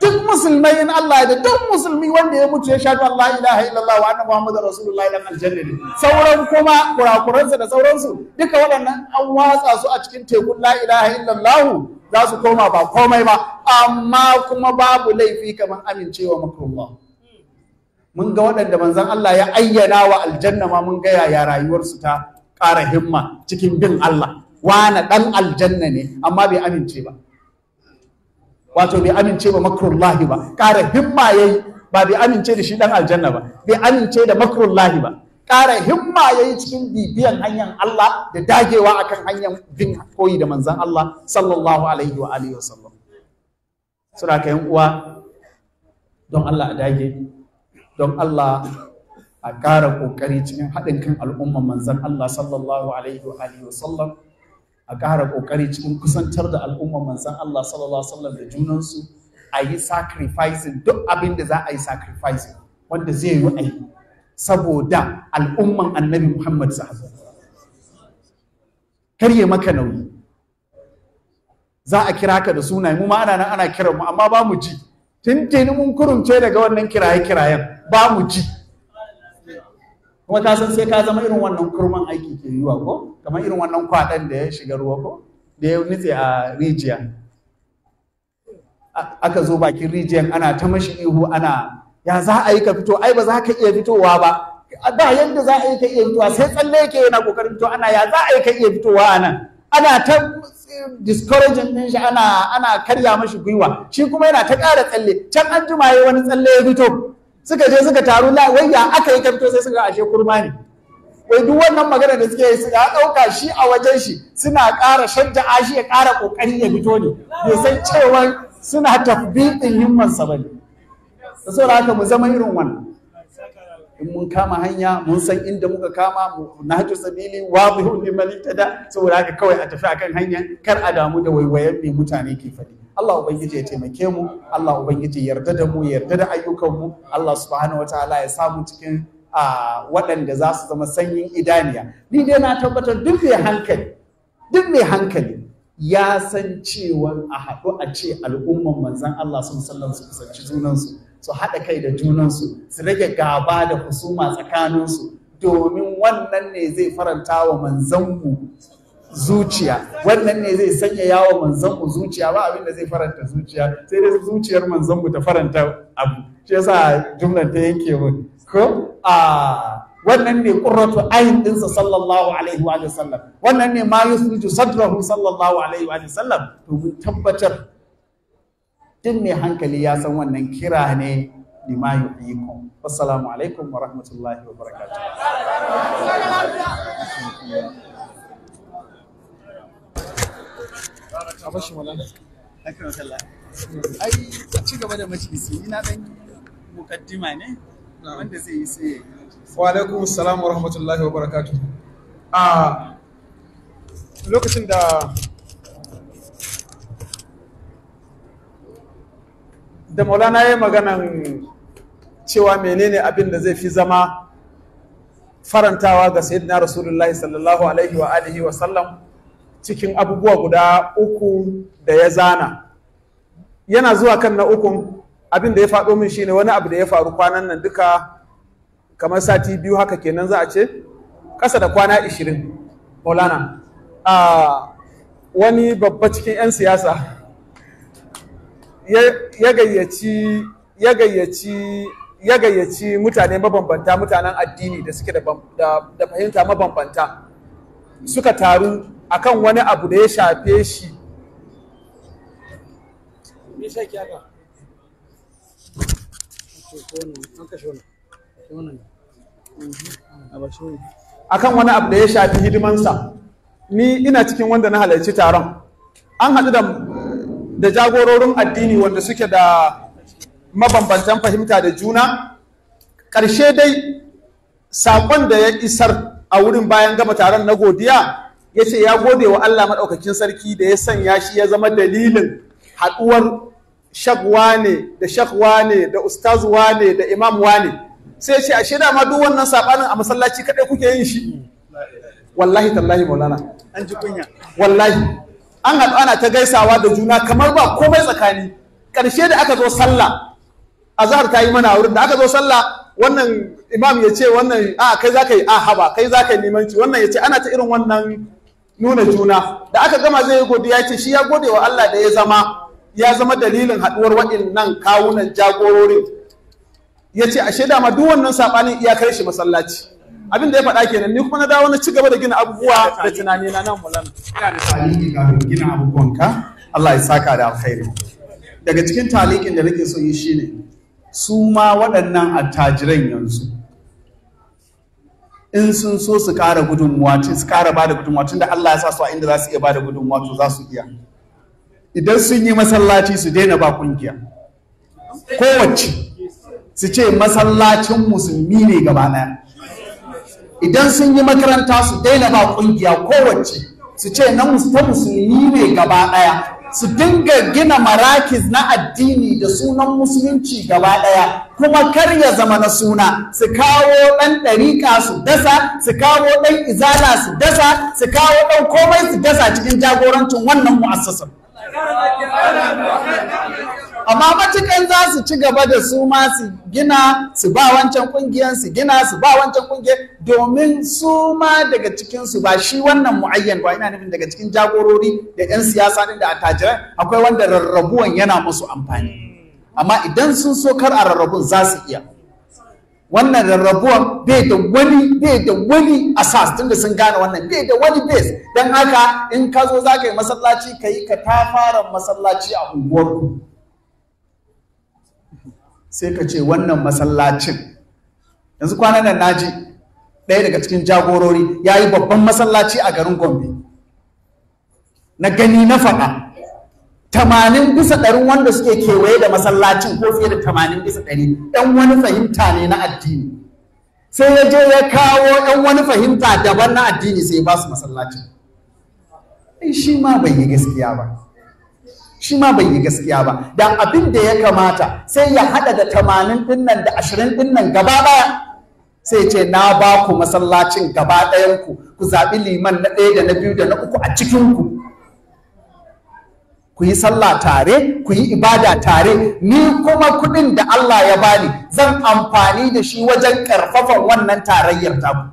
duk musulmai in Allah da duk musulmi wanda ya mutu ya shaɗu Allah ilaha illallah wa annabi Muhammad rasulullah dan aljanna ne sauran kuma kurakuransa da sauransu duka waɗannan an watsa su a cikin tekun la ilaha illallah za su koma ba komai ba amma kuma babu laifi kamar amincewa makrullah mun ga waɗanda manzon Allah ya ayyana wa aljanna ma mun ga yaya rayuwarsu ta ƙara himma cikin bin Allah wana ɗan aljanna ne amma bai amince ba wato bai amince ba makrullahi ba ƙara himma yayi ba bai amince da shi dan aljanna ba bai amince da makrullahi ba ƙara himma yayi cikin bibiyan hanyar Allah da dagewa akan hanyar bin koyi da manzan Allah sallallahu alaihi wa alihi wasallam sura ka yan uwa don Allah a dage don Allah a ƙara ƙoƙari cikin haɗin kan al'umman manzan Allah sallallahu alaihi wa alihi wasallam a ƙara ƙoƙari cikin kusantar da al'ummar manzan Allah sallallahu alaihi wasallam da junansu a yi sacrificing duk abin da za a yi sacrificing wanda zai yi wa'ayi saboda al'umman annabi Muhammad sahabu Karye maka nauyi za a kira ka da sunaye mu ma ana nan ana kiran mu amma ba mu ji tuntuni mun kurumce daga wannan kiraye kirayen ba mu ji kuma ka san sai ka zama irin wannan kurman aiki ke yiwa ko kamar irin wannan kwaɗan da ya shiga ruwa ko da ya nutse a rijiya aka zo bakin rijiyan ana ta mashi ihu ana ya za a yi ka fito ai ba za ka iya fitowa ba ba yadda za a yi ka iya fitowa sai tsalle yake yana kokarin fito ana ya za a yi ka iya fitowa a nan ana ta discouraging din shi ana ana karya mashi gwiwa shi kuma yana ta ƙara tsalle can an jima wani tsalle ya fito suka je suka taru la wai ya aka yi ka fito sai suka ashe kurma ne wai duk wannan magana da suke yi su ya ɗauka shi a wajen shi suna ƙara shajja'a shi ya ƙara ƙoƙari ya fito ne bai san cewa suna tafbiɗin himmansa ba ne da haka mu zama irin wannan in mun kama hanya mun san inda muka kama mu nahju sabili wadihun liman ihtada saboda haka kawai a tafi akan hanya kar a damu da waiwayen mai mutane ke faɗi Allah ubangiji ya taimake mu Allah ubangiji yarda da mu yarda da ayyukan mu Allah subhanahu wataala ya samu cikin a waɗanda za su zama sanyin idaniya ni dai na tabbatar duk mai hankali duk mai hankali ya san cewa a haɗu a ce al'umman manzan Allah sun sallan su kusanci junansu su haɗa kai da junansu su rage gaba da kusuma tsakaninsu domin wannan ne zai faranta wa manzanmu zuciya wannan ne zai sanya yawo manzanmu zuciya ba abin da zai faranta zuciya sai dai zuciyar manzanmu ta faranta abu shi yasa jumlar ta yanke mun ko a wannan ne ƙurratu ayin dinsa sallallahu alaihi wa sallam wannan ne ma yusriju sadrahu sallallahu alaihi wa sallam to mun tabbatar din mai hankali ya san wannan kira ne lima kun assalamu alaikum wa rahmatullahi wa barakatu Ai, ci gaba da majalisi, ina mukaddima ne. wanda zai yi sai wa alaikun salamu rahmatullahi wa barakatu. a lokacin da da maulana ya maganan cewa menene abin da zai fi zama farantawa ga sayyidina rasulullahi sallallahu alaihi wa alihi wa sallam cikin abubuwa guda uku da ya zana yana zuwa kan na ukun abin da ya faɗo min shine wani abu da ya faru kwanan nan duka kamar sati biyu haka kenan za a ce ƙasa da kwana ishirin maulana a wani babba cikin 'yan siyasa ya gayyaci ya gayyaci mutane mabambanta mutanen addini da suke da fahimta mabambanta suka taru akan wani abu da ya shafe shi akan wani abu da ya shafi hidimansa ni ina cikin wanda na halarci taron an haɗu da jagororin addini wanda suke da mabambantan fahimta da juna ƙarshe dai saƙon da ya isar a wurin bayan gama taron na godiya ya ce ya gode wa Allah maɗaukakin sarki da ya sanya shi ya zama dalilin haɗuwar shakwa ne da shakwa ne da ustaz ne da imam ne sai ce ashe ma duk wannan sabanin a masallaci kadai kuke yin shi wallahi tallahi maulana an ji kunya wallahi an haɗu ana ta gaisawa da juna kamar ba komai tsakani ƙarshe da aka zo sallah azhar ta yi mana wurin da aka zo sallah wannan imam ya ce wannan a kai za yi a haba kai za ka yi limanci wannan ya ce ana ta irin wannan nuna juna da aka gama zai yi godiya ce shi ya gode wa Allah da ya zama ya zama dalilin haɗuwar waɗannan kawunan jagororin ya ce ashe dama duk wannan saɓanin iyakar shi masallaci abin da ya faɗa kenan ni kuma na dawo na ci gaba da gina abubuwa da tunani na nan mulana gina abubuwanka Allah ya saka da alkhairi daga cikin talikin da nake so yi shine su ma waɗannan attajiran yanzu in sun so su ƙara gudunmuwa su ƙara ba da gudunmuwa tunda Allah ya sa su a inda za su iya ba da gudunmuwa to za su iya idan sun yi masallaci su daina ba kungiya kowace su ce masallacin musulmi ne gaba ɗaya idan sun yi makaranta su daina ba kungiya kowace su ce na ta musulmi ne gaba ɗaya su dinga gina marakis na addini da sunan musulunci gaba ɗaya kuma kar ya zama na suna su kawo ɗan ɗariƙa su dasa su kawo ɗan izala su dasa su kawo ɗan komai su dasa cikin jagorancin wannan mu'assasar amma matukan za su ci gaba da su ma su gina su ba wancan kungiyar su gina su ba wancan kungiyar domin su ma daga cikin su ba shi wannan mu'ayyan ba ina nufin daga cikin jagorori da 'yan siyasa da attajirai akwai wanda rarrabuwan yana musu amfani amma idan sun so kar a rarrabun za su iya wannan rarrabuwan bai da wani bai da wani asas tunda sun gane wannan bai da wani base don haka in ka zo za ka yi masallaci ka yi ka ta fara masallaci a unguwarku sai ka ce wannan masallacin yanzu kwanan nan naji ɗaya daga cikin jagorori ya yi babban masallaci a garin gombe na gani na faɗa tamanin bisa ɗarin wanda suke kewaye da masallacin ko fiye da tamanin bisa ɗari ɗan wani fahimta ne na addini sai ya je ya kawo ɗan wani fahimta daban na addini sai ba su masallacin shi ma bai yi gaskiya ba shi ma bai yi gaskiya ba dan abin da ya kamata sai ya haɗa da tamanin dinnan da ashirin dinnan gaba ɗaya sai ce na ba ku masallacin gaba ɗayan ku ku zaɓi liman na ɗaya da na biyu da na uku a cikin ku ku yi sallah tare ku yi ibada tare ni kuma kuɗin da Allah ya bani zan amfani da shi wajen ƙarfafan wannan tarayyar tamu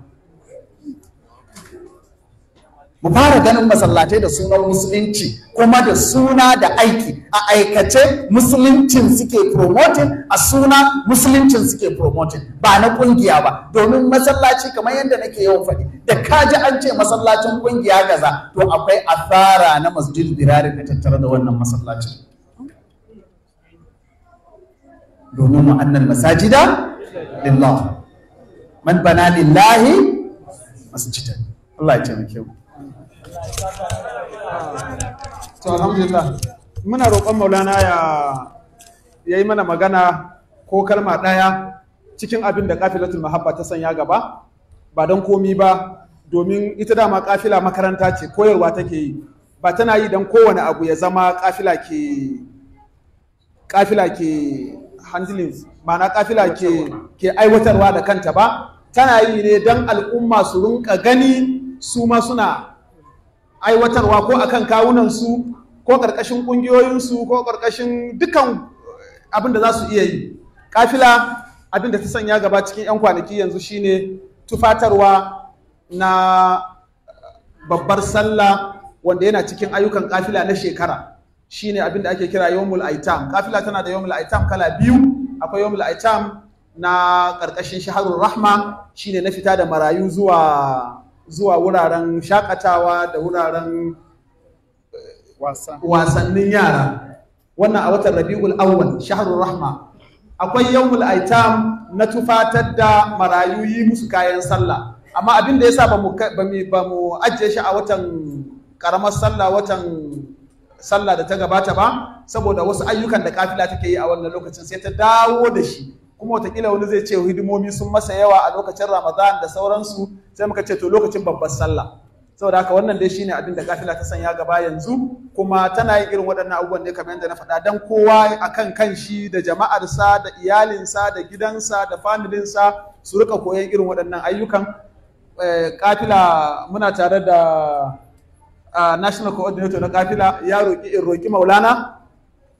mu fara ganin masallatai da sunan musulunci kuma da suna da aiki a aikace musuluncin suke promoting a suna musuluncin suke promoting ba na kungiya ba domin masallaci kamar yadda nake yawan faɗi da kaji an ce masallacin kungiya gaza to akwai asara na masjid birarin da tattara da wannan masallacin domin mu annal masajida lillah man bana lillahi masjidan Allah ya taimake mu to alhamdulillah muna roƙon maulana ya yayi mana magana ko kalma ɗaya cikin abin da kafilatul mahabba ta sanya gaba ba don komi ba domin ita dama kafila makaranta ce koyarwa take yi ba tana yi don kowane abu ya zama kafila ke kafila ke handling ma'ana kafila ke ke aiwatarwa da kanta ba tana yi ne don al'umma su rinka gani su ma suna aiwatarwa ko akan kawunansu ko ƙarƙashin ƙungiyoyinsu ko ƙarƙashin dukan abin da za su iya yi kafila abin da ta sanya gaba cikin 'yan kwanaki yanzu shine tufatarwa na babbar sallah wanda yana cikin ayyukan kafila na shekara shine abin da ake kira yomul aitam kafila tana da yomul aitam kala biyu akwai yomul aitam na ƙarƙashin shaharun rahma shine na fita da marayu zuwa zuwa wuraren shakatawa da wuraren eh, wasannin yara wannan a watan rabi'ul awwal shahrul rahma akwai yawmul aitam na tufatar da marayu yi musu kayan sallah amma abin da yasa ba mu ba mu ajiye shi a watan karamar sallah watan sallah da ta gabata ba saboda wasu ayyukan da kafila take yi a wannan lokacin sai ta dawo da shi kuma watakila wani zai ce hidimomi sun masa yawa a lokacin ramadan da sauransu sai muka ce to lokacin babbar sallah saboda haka wannan dai shine abin da kafila ta sanya gaba yanzu kuma tana yin irin waɗannan abubuwan ne kamar yadda na faɗa dan kowa akan kan shi da jama'arsa da iyalinsa da gidansa da familinsa su rika koyon irin waɗannan ayyukan kafila eh, muna tare da national coordinator na kafila ya roƙi in roƙi maulana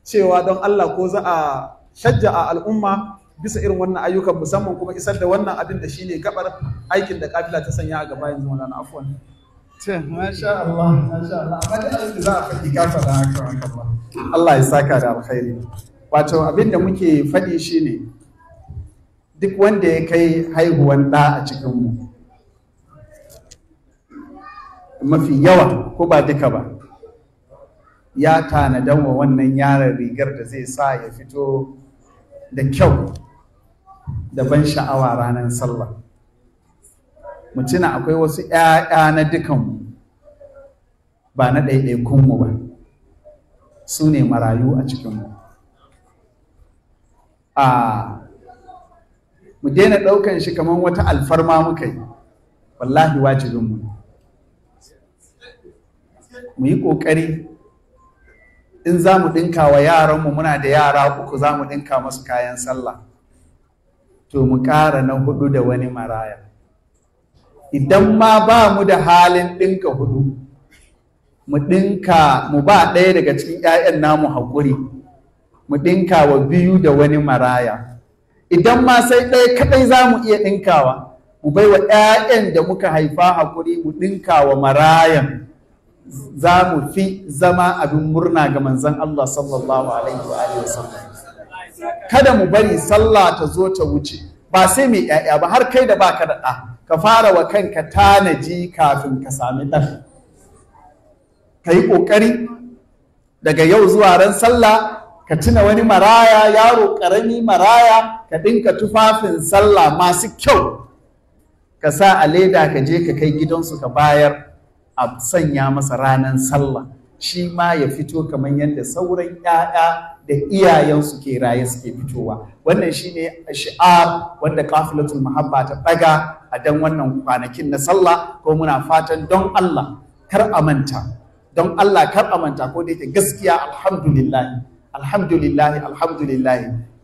cewa don allah ko za a shajja a al'umma bisa irin wannan ayyukan musamman kuma isar da wannan abin da shine gabar aikin da kafila ta sanya a gaba yanzu wannan afwan ce masha Allah masha Allah amma da a faɗi haka Allah ya saka da alkhairi wato abin da muke faɗi shine duk wanda ya kai haihuwan ɗa a cikin mu mafi yawa ko ba duka ba ya tanadan wa wannan yaron rigar da zai sa ya fito da kyau da ban sha'awa ranar sallah mu tuna akwai wasu ‘ya'ya na dukanmu ba na ɗaiɗaikunmu ba su ne marayu a cikinmu a mu daina ɗaukan shi kamar wata alfarma muka yi wallahi wajibinmu mu yi ƙoƙari in za mu ɗinka wa yaranmu muna da yara uku za mu ɗinka masu kayan sallah to mu ƙara na hudu da wani maraya idan ma ba mu da halin ɗinka hudu mu ɗinka mu ba ɗaya daga cikin 'ya'yan namu haƙuri mu ɗinka wa biyu da wani maraya idan ma sai ɗaya kaɗai za mu iya ɗinkawa mu bai wa 'ya'yan da muka haifa haƙuri mu ɗinka wa marayan za mu fi zama abin murna ga manzon Allah sallallahu alaihi wa sallam kada mu bari sallah ta zo ta wuce ba sai mai ‘ya'ya ba har kai da ba ka ɗa ka fara wa kanka tanaji kafin ka sami ɗan ka yi ƙoƙari daga yau zuwa ran sallah ka tuna wani maraya yaro ƙarami maraya ka ɗinka tufafin sallah masu kyau ka sa a leda ka je ka kai gidansu ka bayar a sanya masa ranar sallah shi ma ya fito kamar yadda sauran ‘ya'ya da iyayensu ke raye suke fitowa wannan shine shi'ar wanda kafilatul muhabba ta daga a dan wannan kwanakin na sallah ko muna fatan don Allah kar a manta don Allah kar a manta ko da yake gaskiya alhamdulillah alhamdulillah alhamdulillah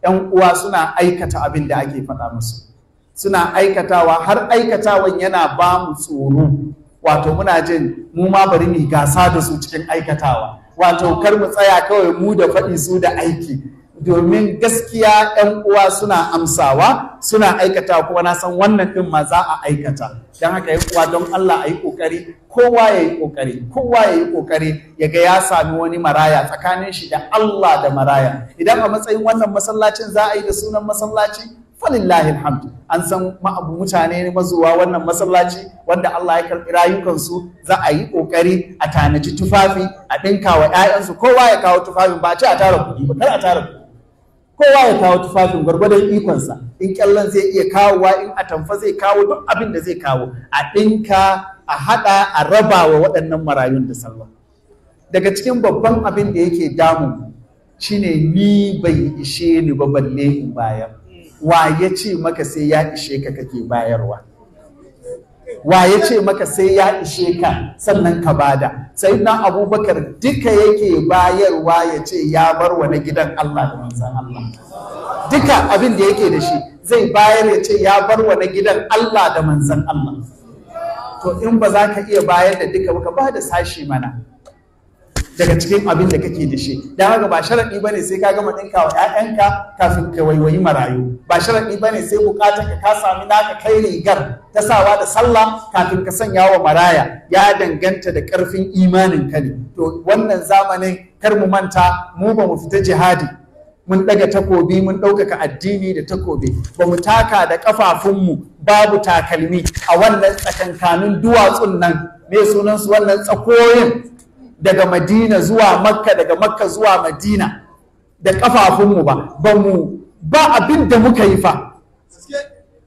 yan uwa suna aikata abin da ake faɗa musu suna aikatawa har aikatawan yana ba mu tsoro wato muna jin mu ma bari mu gasa da su cikin aikatawa wato kar mu tsaya kawai mu da faɗi su da aiki domin gaskiya 'yan uwa suna amsawa suna aikata kuma na san wannan ɗin ma za a aikata don haka 'yan uwa don Allah a yi ƙoƙari kowa ya yi ƙoƙari kowa ya yi ƙoƙari ya ga ya sami wani maraya tsakanin shi da Allah da maraya idan a matsayin wannan masallacin za a yi da sunan masallaci falillahi alhamdu an san ma'abu mutane mazuwa wannan masallaci wanda Allah ya karɓi rayukansu za a yi ƙoƙari a tanaji tufafi a ɗinka wa ‘ya'yansu kowa ya kawo tufafin ba a ce a tara kuɗi ba kar a tara kuɗi kowa ya kawo tufafin gwargwadon ikonsa in ƙyallen zai iya kawo kawowa in atamfa zai kawo duk abin da zai kawo a ɗinka a haɗa a raba wa waɗannan marayun da salwa daga cikin babban abin da yake damun shine ni bai ishe ni ba balle in bayan wa ya ce maka sai ya ishe ka kake bayarwa wa ya ce maka sai ya ishe ka sannan ka bada sai na abubakar duka yake bayarwa ya ce ya bar wani gidan Allah da manzan Allah duka abin da yake da shi zai bayar ya ce ya bar wani gidan Allah da manzan Allah to in ba za ka iya bayar da duka ba ka ba da sashi mana daga cikin abin da kake da shi dan haka ba sharadi bane sai ka gama dinka wa ƴaƴanka kafin ka waiwayi marayu ba sharadi bane sai bukatar ka ka sami naka kai rigar ta sawa da sallah kafin ka sanya wa maraya ya danganta da karfin imanin ka ne to wannan zamanin kar mu manta mu ba mu fita jihadi mun daga takobi mun ɗaukaka addini da takobi ba mu taka da ƙafafunmu babu takalmi a wannan tsakankanin duwatsun nan me sunan su wannan tsakoyin daga madina zuwa makka daga makka zuwa madina da ƙafafunmu ba ba mu ba abin da muka yi fa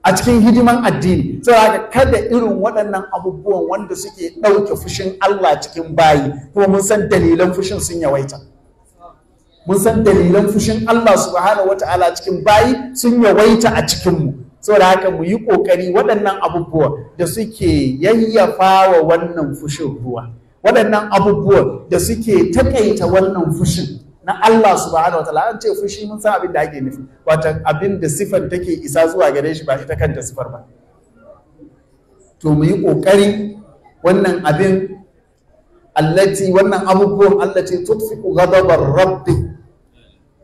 a cikin hidiman addini saboda kada irin waɗannan abubuwan wanda suke ɗauke fushin Allah cikin bayi kuma mun san dalilan fushin sun yawaita mun san dalilan fushin Allah subhanahu wata'ala cikin bayi sun yawaita a cikin mu saboda haka mu yi ƙoƙari waɗannan abubuwa da suke yayyafa wa wannan fushin ruwa waɗannan abubuwan da suke takaita wannan fushin na Allah subhanahu wataala an ce fushi mun san abin da ake nufi wata abin da sifar take isa zuwa gare shi ba ita kanta sifar ba to mu yi ƙoƙari wannan abin allati wannan abubuwan allati tutfiqu ghadabar rabbi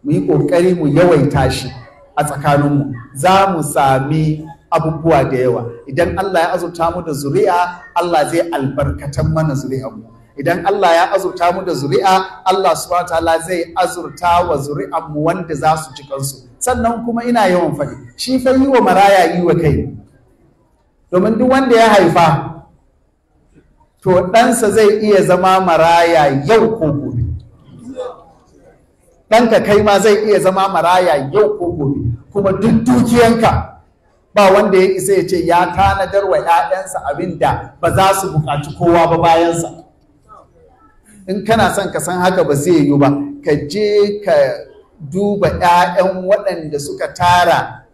mu yi ƙoƙari mu yawaita shi a tsakaninmu za mu sami abubuwa da yawa idan Allah ya azurta mu da zuri'a Allah zai albarkatan mana zuri'a mu idan Allah ya azurta mu da zuri'a Allah subhanahu ta'ala zai azurta wa zuri'an mu wanda za su ci kansu sannan kuma ina yawan faɗi shi fa yi wa maraya yi wa kai domin duk wanda ya haifa to ɗansa zai iya zama maraya yau ko gobe ɗanka kai ma zai iya zama maraya yau ko gobe kuma duk dukiyanka ba wanda ya isa ya ce ya tanadar wa ‘ya'yansa abin da ba za su buƙaci kowa ba bayansa in kana son ka san haka ba zai yi ba ka je ka duba ‘ya'yan waɗanda suka tara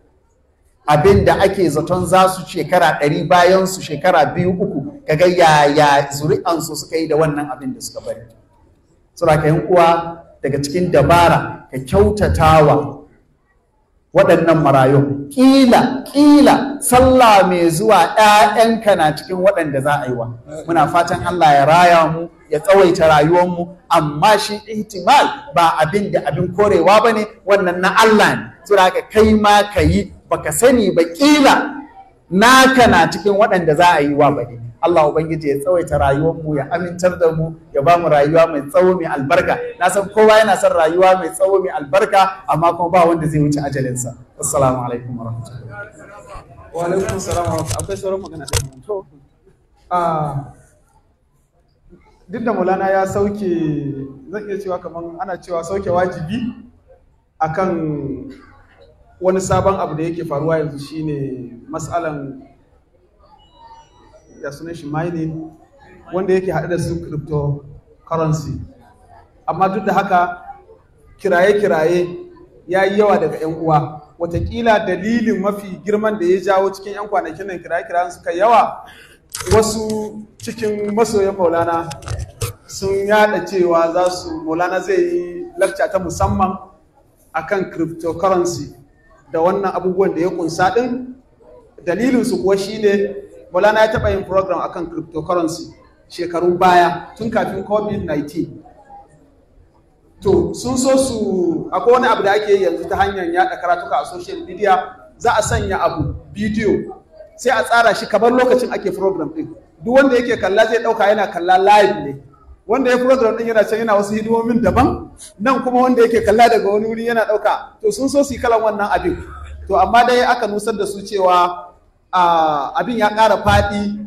abin da ake zaton za su shekara ɗari bayan su shekara biyu uku ka ga yaya zuri'ansu suka yi da wannan abin da suka bari. Sura ka uwa daga cikin dabara ka kyautatawa waɗannan marayun ƙila ƙila sallah mai zuwa ‘ya'yanka na cikin waɗanda za a yi wa muna fatan Allah ya raya mu ya tsawaita rayuwar mu amma shi ihtimal ba abin da abin korewa ba ne wannan na Allah ne tura ka kai ma ka yi baka sani ba ƙila naka na cikin waɗanda za a yi wa ba ne Allah ubangiji ya tsawaita rayuwarmu ya amintar da mu ya ba mu rayuwa mai tsawo mai albarka na san kowa yana son rayuwa mai tsawo mai albarka amma kuma ba wanda zai wuce ajalinsa assalamu alaikum wa wa alaikum salam akwai sauran magana da to ah, duk da mulana ya sauke zan iya cewa kamar ana cewa sauke wajibi akan wani sabon abu da yake faruwa yanzu shine matsalan ya sunan shi mining wanda yake haɗe da su cryptocurrency amma duk da haka kiraye-kiraye ya yi yawa daga 'yan uwa watakila dalilin mafi girman da ya jawo cikin 'yan kwanakin nan kiraye-kirayen suka yawa wasu cikin masoyan maulana sun yada cewa za su maulana zai yi lakca ta musamman akan cryptocurrency da wannan abubuwan da ya kunsa ɗin? Dalilinsu kuwa kuwa shine Maulana ya taɓa yin program akan cryptocurrency shekaru baya tun kafin COVID-19. To, sun so su akwai wani abu da ake yi yanzu ta hanyar yaɗa karatuka a social media za a sanya abu bidiyo sai a tsara shi kamar lokacin ake program ɗin. Duk wanda yake kalla zai ɗauka yana kalla live ne. Wanda ya program ɗin yana can yana wasu hidimomin daban nan kuma wanda yake kalla daga wani wuri yana ɗauka. To sun so su yi kalan wannan abin. To amma dai aka nusar da su cewa abin ya ƙara faɗi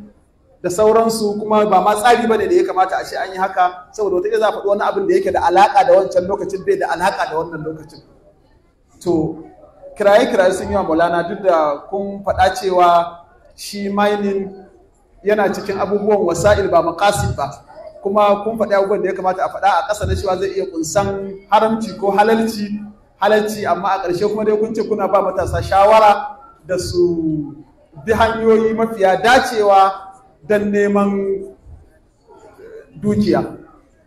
da sauransu kuma ba ma tsari bane da ya kamata a ce an yi haka saboda wata za a faɗi wani abin da yake da alaƙa da wancan lokacin bai da alaƙa da wannan lokacin to kiraye kiraye sun yi wa maulana duk da kun faɗa cewa shi mining yana cikin abubuwan wasa'il ba makasid ba kuma kun faɗi abubuwan da ya kamata a faɗa a ƙasa na cewa zai iya kunsan haramci ko halalci halalci amma a ƙarshe kuma dai kun ce kuna ba matasa shawara da su bi hanyoyi mafiya dacewa don neman dukiya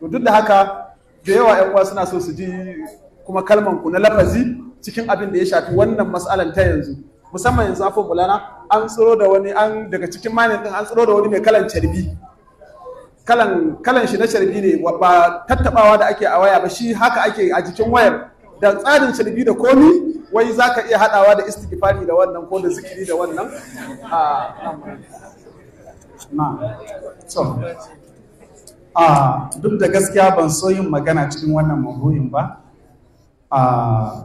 to duk da haka da yawa yan uwa suna so su ji kuma kalman ku na lafazi cikin abin da ya shafi wannan mas'alan ta yanzu musamman yanzu afon bulana an tsoro da wani an daga cikin manin din an tsoro da wani mai kalan carbi kalan kalan shi na carbi ne ba tattabawa da ake a waya ba shi haka ake a jikin wayar da tsarin shirgi da komi wai za ka iya haɗawa da istighfari da wannan ko da zikiri da wannan ah, a ah, duk da gaskiya ban so yin magana cikin wannan mahoyin ba ah,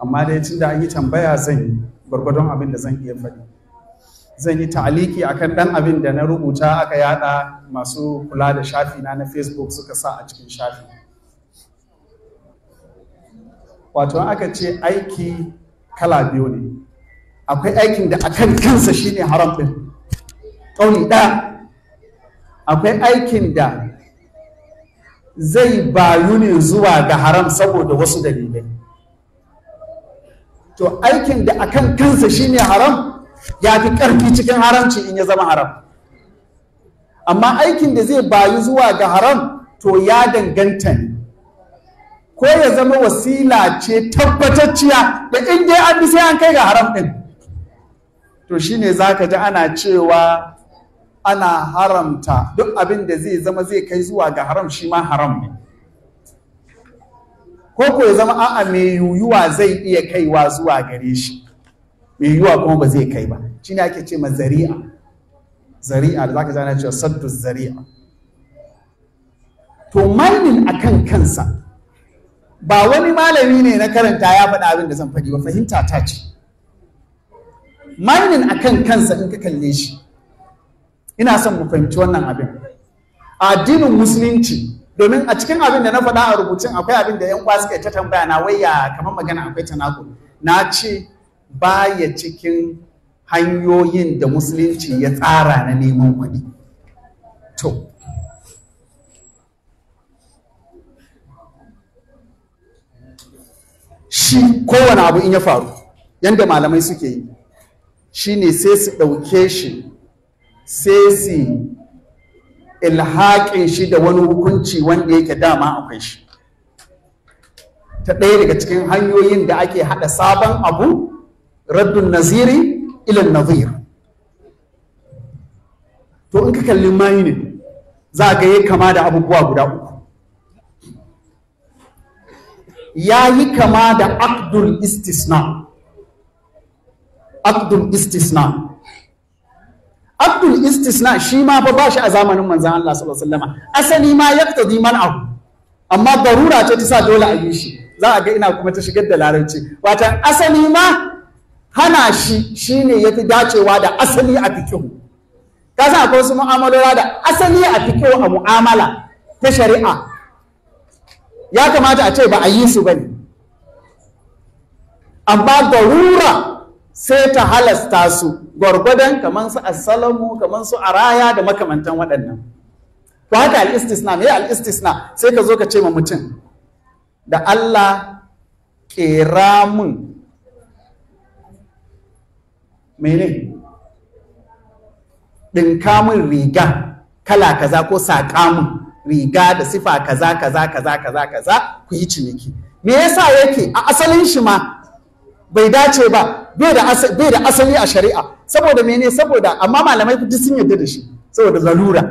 amma dai tunda an yi tambaya zan yi gwargwadon abin da zan iya faɗi zan yi ta'aliki a kan ɗan abin da na rubuta aka yada masu kula da shafi na na facebook suka sa a cikin shafi wato aka ce aiki kala biyu ne akwai aikin da a kan kansa shine haram ɗin ƙauni ɗaya akwai aikin da zai bayu ne zuwa ga haram saboda wasu dalilai to aikin da kan kansa shine haram ya fi ƙarfi cikin haramci in ya zama haram amma aikin da zai bayu zuwa ga haram to ya danganta ko ya zama wasila ce tabbatacciya da in dai an bi sai an kai ga haram ɗin to shine zaka ji ana cewa ana haramta duk abin da zai zama zai kai zuwa ga haram shi ma haram ne ko ko ya zama a'a mai yuyuwa zai iya kaiwa zuwa gare shi mai yuyuwa kuma ba zai kai ba shine ake ce ma zari'a zari'a da zaka ji ana cewa saddu zari'a to manin akan kansa ba wani malami ne na karanta ya faɗa abin da zan faɗi ba fahimta ta ce a akan kansa in ka kalle shi ina son mu fahimci wannan abin addinin musulunci domin a cikin abin da na faɗa a rubutun akwai abin da yan suka ta tambaya na waya kamar magana akwai ta naku. na ce baya cikin hanyoyin da musulunci ya tsara na neman kuɗi to shi kowane abu in ya faru yadda malamai suke yi shi ne sai su ɗauke shi sai su ilhaƙin shi da wani hukunci wanda yake dama akwai shi ta ɗaya daga cikin hanyoyin da ake haɗa sabon abu raddun naziri ilan nazir to in ka kalli ne, za ga yi kama da abubuwa guda uku ya yi kama da Abdul istisna akdul istisna akdul istisna shi ma fa ba shi a zamanin manzan Allah sallallahu alaihi wasallam asali ma yaqtadi abu amma darura ce ta sa dole a yi shi za a ga ina kuma ta shigar da larabci wata asali ma hana shi shine ya fi dacewa da asali a fikihu ka san akwai wasu mu'amalowa da asali a fikihu a mu'amala ta shari'a ya kamata a ce ba a yi su ba ne amma garura sai ta halasta su gwargwadon kamar su assalamu kamar su araya da makamantan waɗannan ko haka al'istisna me al'istisna sai ka zo ka ce ma mutum da Allah kera mun mene ɗinka mun riga kala kaza ko saƙa mun riga da sifa kaza kaza kaza kaza kaza ku yi ciniki me yasa yake a asalin shi ma bai dace ba bai da asali a shari'a saboda ne saboda amma malamai duk sun yarda da shi saboda zalura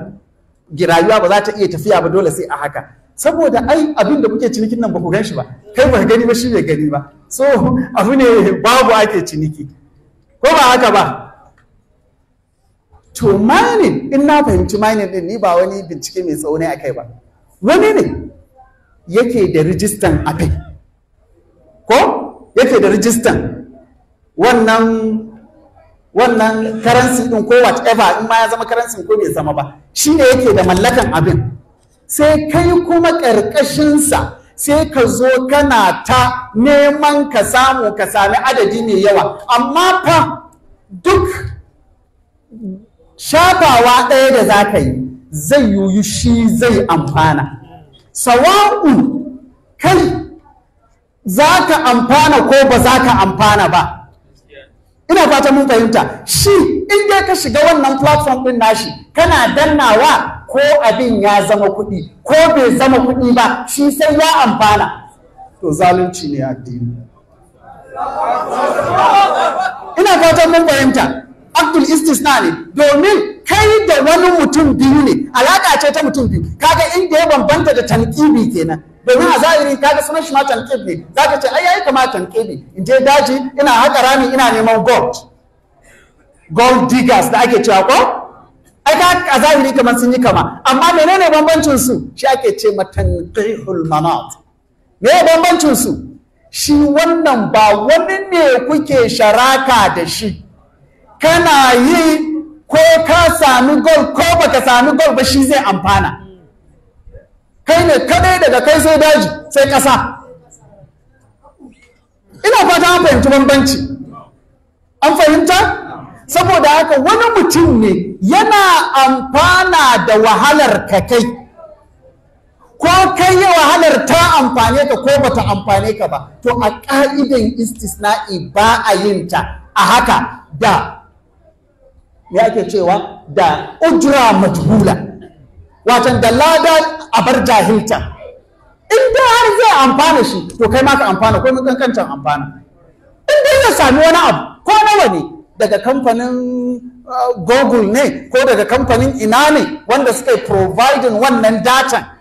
rayuwa ba za ta iya tafiya ba dole sai a haka saboda ai abin da kuke cinikin nan ba ku gan shi ba kai ba gani ba shi bai gani ba so abu ne babu ake ciniki ko ba haka ba to mining in na fahimci mining din ni ba wani bincike mai tsauni a kai ba wani ne yake da rijistan abin ko yake da rijistan wannan wannan karansi din ko whatever in ma ya zama karansi ko bai zama ba shi ne yake da mallakan abin sai kai kuma ƙarƙashinsa sai ka zo kana ta neman ka samu ka sami adadi mai yawa amma fa duk shafawa ɗaya da za ka yi zai yuyu shi zai amfana sawa'u kai za ka amfana ko ba za ka amfana ba ina fata mun fahimta shi in dai ka shiga wannan platform ɗin nashi kana dannawa ko abin ya zama kuɗi ko bai zama kuɗi ba shi sai ya amfana to zalunci ne addini ina fatan mun fahimta abdul istisna ne domin kai da wani mutum biyu ne alaƙa ce ta mutum biyu kaga inda ya bambanta da tanƙibi kenan domin a zahiri kaga sunan shi ma tanqib ne zaka ce ai kama tanƙibi in je daji ina haka rami ina neman gold gold diggers da ake cewa ko ai ka a zahiri kamar sun yi kama amma menene bambancin su shi ake ce ma tanqihul manat me bambancin su shi wannan ba wani ne kuke sharaka da shi kana yi ko ka sami gol ko baka sami gol ba shi zai amfana kai ne kadai daga kai sai daji sai kasa ina fata an fahimci bambanci an fahimta saboda haka wani mutum ne yana amfana da wahalar ka kai ko kai yi wahalar ta amfane ka ko bata amfane ka ba to a ka'idan istisna'i ba a yin ta a haka da me ake cewa da ujra majhula watan da lada a bar jahilta in da har zai amfana shi to kai ma ka amfana ko kankancan amfana in dai ya sami wani abu ko nawa ne daga kamfanin uh, google ne ko daga kamfanin ina ne wanda suke providing wannan data.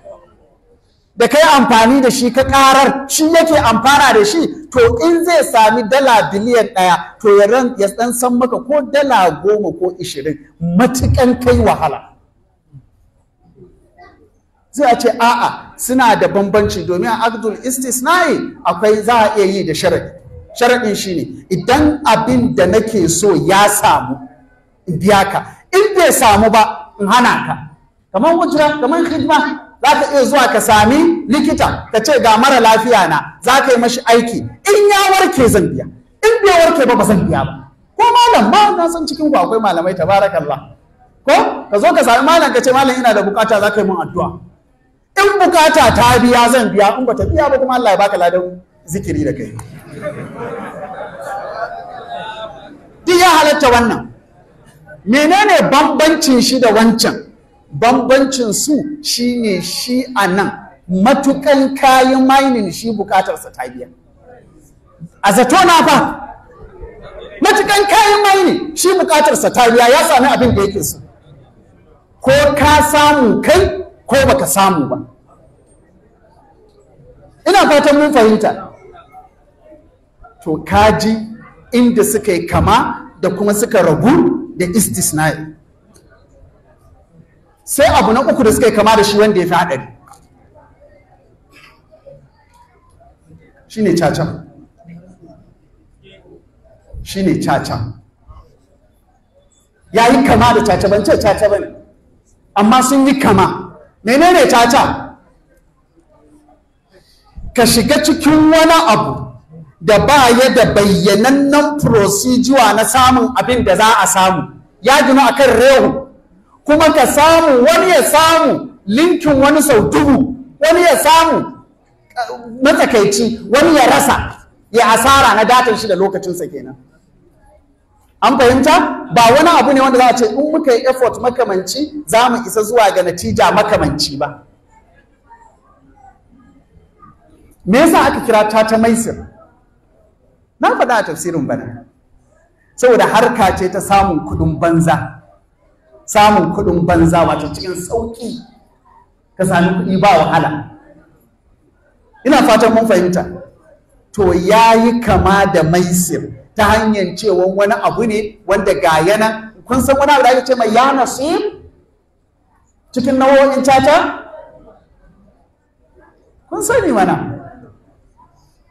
da ka yi amfani da shi ka karar shi yake amfana da shi to in zai sami dala biliyan ɗaya to ya ɗan san maka ko dala goma ko ishirin matukan kai wahala zai a ce a'a suna da bambanci domin a abdul istisnai akwai za a iya yi da sharadi sharadin ne idan abin da nake so ya samu in biya ka in bai samu ba in hana ka kamar wajira kamar hidima za ka iya zuwa ka sami likita ka ce ga mara lafiya na za ka yi mashi aiki in ya warke zan biya in bai warke ba ba zan biya ba ko malam ma na san cikin ku akwai malamai tabarakallah ko ka zo ka sami malam ka ce malam ina da bukata za ka yi mun addu'a in bukata ta biya zan biya in bata biya ba kuma Allah ya baka ladan zikiri da kai duk ya halatta wannan menene bambancin shi da wancan bambancin su shine shi a nan matukan kayan mining shi bukatarsa ta biya a zato na ba matukan kayan mining shi bukatarsa ta biya ya sami abin da yake so ko ka samu kai ko baka samu ba ina fatan mun fahimta to kaji inda suka yi kama da kuma suka rabu da istisna'i sai abu na uku da suka yi kama da shi wanda ya fi haɗari shi ne cacan shi ne cacan ya yi kama da caca ban ce caca ba ne amma sun yi kama menene caca ka shiga cikin wani abu da ba ya da bayyanannen procedure na samun abin da za a samu ya gina a kan rehu kuma ka samu wani ya samu linkin wani sau dubu wani ya samu eh, matsakaici wani ya rasa ya asara na datan shi da lokacinsa kenan an fahimta ba wani abu ne wanda za a ce in muka yi effort makamanci za mu isa zuwa ga natija makamanci ba me yasa aka kira ta ta maisir na faɗa a tafsirin bana saboda harka ce ta samun kudin banza samun kuɗin banza wato cikin sauƙi ka sami kuɗi ba wahala ina fatan mun fahimta to ya yi kama da maisir ta hanyar cewa wani abu ne wanda ga yana kun san wani abu da ake ce mai yana su cikin nawo'in caca kun sani mana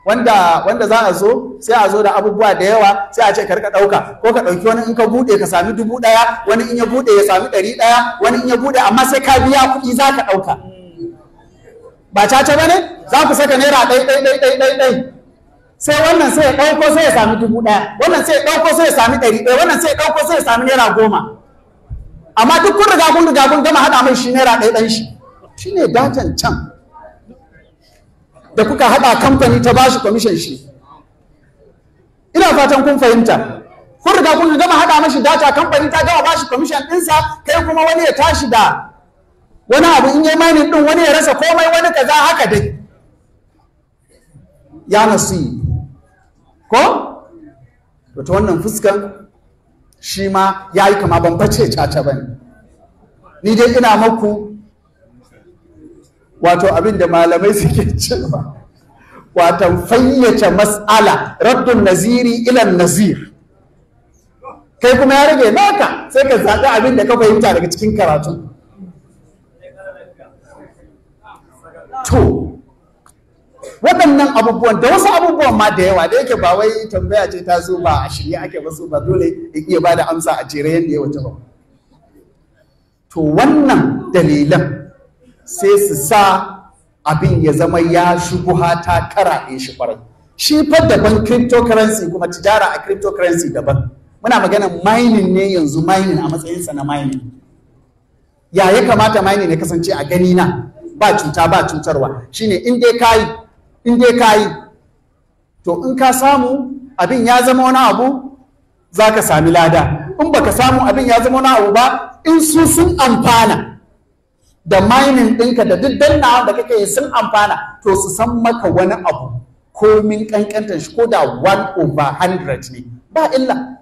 wanda wanda za a zo sai a zo da abubuwa da yawa sai a ce ka rika dauka ko ka dauki wani in ka bude ka sami dubu daya wani in ya bude ya sami dari daya wani in ya bude amma sai ka biya kuɗi za ka dauka ba caca ba ne za ku saka naira ɗai ɗai ɗai ɗai ɗai ɗai sai wannan sai ya ɗauko sai ya sami dubu ɗaya wannan sai ya ɗauko sai ya sami ɗari ɗaya wannan sai ya ɗauko sai ya sami naira goma amma duk kun riga kun riga kun gama haɗa mai shi naira ɗaya ɗan shi shine datan can da kuka haɗa kamfani ta bashi kwamishin shi ina fatan kun fahimta kun riga kun gama haɗa mashi data kamfani ta gama bashi kwamishin ɗinsa kai kuma wani ya tashi da wani abu in yi mani ɗin wani ya rasa komai wani kaza haka dai ya nasu ko ta wannan fuskan shi ma ya yi kama ban bace caca ba ni dai ina maku wato abin da malamai (laughs) suke cewa wato fayyace mas'ala raddun naziri ilan nazir kai kuma ya rage naka sai ka zaɓi abin da ka fahimta daga cikin karatu to waɗannan abubuwan da wasu abubuwan ma da yawa da yake ba wai tambaya ce ta zo ba a shirye ake ba su ba dole in iya ba da amsa a jere yadda ya wata ba to wannan dalilan sai su sa abin ya zama ya shubuha ta in shi kwarai shi fa daban cryptocurrency kuma tijara a cryptocurrency daban muna magana mining ne yanzu mining a matsayinsa na mining ya ya kamata mining ya kasance a gani na ba cuta ba cutarwa shine in dai kai in dai kai to in ka samu abin ya zama wani abu za ka sami lada in baka samu abin ya zama wani abu ba in su sun amfana da mining ɗinka da duk dannawa da kake sun amfana to su san maka wani abu komin ƙanƙantar shi ko da one over hundred ne ba illa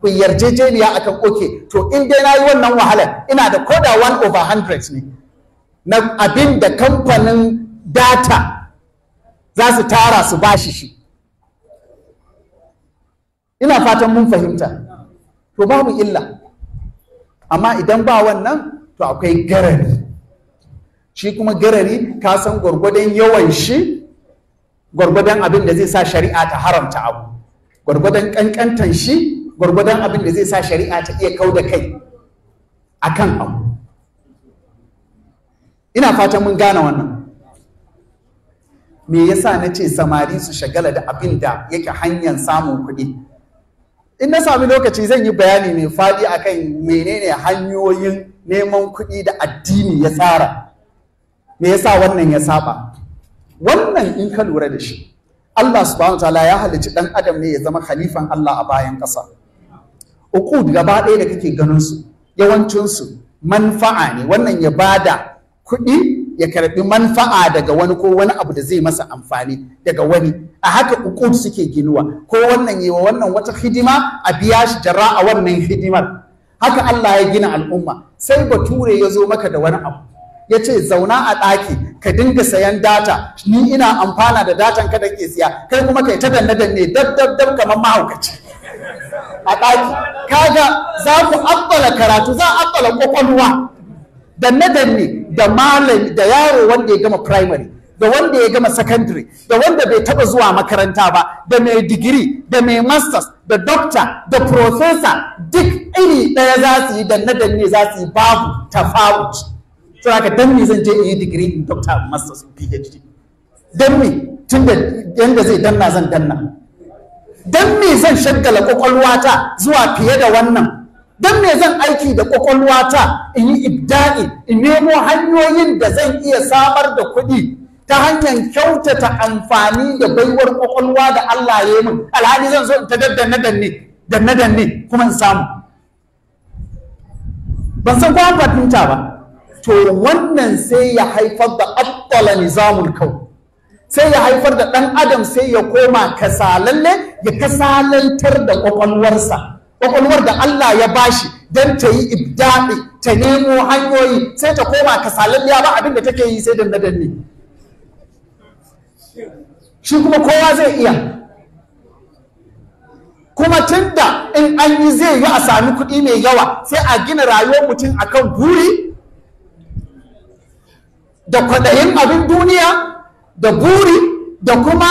ku yarjejeniya akan oke to in dai na yi wannan wahalar ina da ko da one over hundred ne na abin da kamfanin data za su tara su bashi shi ina fatan mun fahimta to babu illa amma idan ba wannan to akwai garari shi kuma garari ka san gwargwadon yawan shi gwargwadon abin da zai sa shari'a ta haramta abu gwargwadon kankantan shi gwargwadon abin da zai sa shari'a ta iya kau da kai akan abu ina fata mun gane wannan me yasa na ce samari su shagala da abin da yake hanyar samun kuɗi in na sami lokaci zan yi bayani mai faɗi akan menene hanyoyin neman kuɗi da addini ya tsara me yasa wannan ya saba wannan in ka lura da shi Allah subhanahu ta'ala ya halicci dan adam ne ya zama khalifan Allah a bayan ƙasa Uku gaba ɗaya da kake ganin su yawancin su manfa'a ne wannan ya bada kuɗi ya karbi manfa'a daga wani ko wani abu da zai masa amfani daga wani a haka uku suke ginuwa ko wannan yi wa wannan wata hidima a biya shi jara a wannan hidimar haka Allah ya gina al'umma sai bature ya zo maka da wani abu ya ce zauna a ɗaki ka dinga sayan data ni ina amfana da datan ka da ke siya kai kuma kai ta danne danne dab dab dab kamar mahaukaci a ɗaki kaga za ku abbala karatu za a abbala kwakwalwa danne danne da malami da yaro wanda ya gama primary da wanda ya gama secondary da wanda bai taba zuwa makaranta ba da mai digiri da mai masters da doctor da professor duk iri ɗaya za su yi danne danne za su yi babu tafawuci so haka dan me zan je in yi degree in doctor masters phd dan me da yanda zai danna zan danna dan me zan shaggala kwakwalwata zuwa fiye da wannan dan me zan aiki da kwakwalwata in yi ibda'i in nemo hanyoyin da zan iya samar da kuɗi ta hanyar kyautata amfani da baiwar kwakwalwa da Allah ya yi min alhali zan so in ta daddanne danne danne danne kuma in samu ban san ko an fahimta ba to wannan sai ya haifar da abdala nizamul kau sai ya haifar da ɗan adam sai ya koma kasalalle ya kasalantar da ƙwaƙwalwarsa ƙwaƙwalwar da Allah ya bashi don ta yi ibdaɗi ta nemo hanyoyi sai ta koma kasalalliya ba abin da take yi sai danne danne shi kuma kowa zai iya kuma tunda in an yi zai yi a sami kuɗi mai yawa sai a gina rayuwar mutum akan buri da kwadayin abin duniya da buri da kuma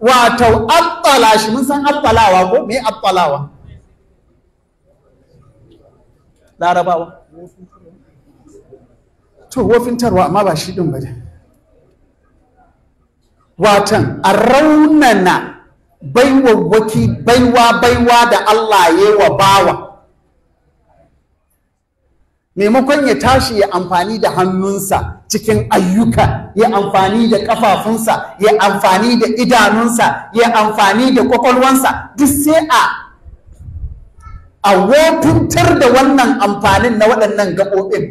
wato abbala shi mun san abbalawa ko me abbalawa larabawa to wofintarwa amma ba shi din ba watan a raunana baiwawwaki baiwa baiwa da Allah ya wa bawa maimakon ya tashi ya amfani da hannunsa cikin ayyuka ya amfani da kafafunsa ya amfani da idanunsa ya amfani da kwakwalwansa duk sai a a wakuntar da wannan amfanin na waɗannan gaɓoɓin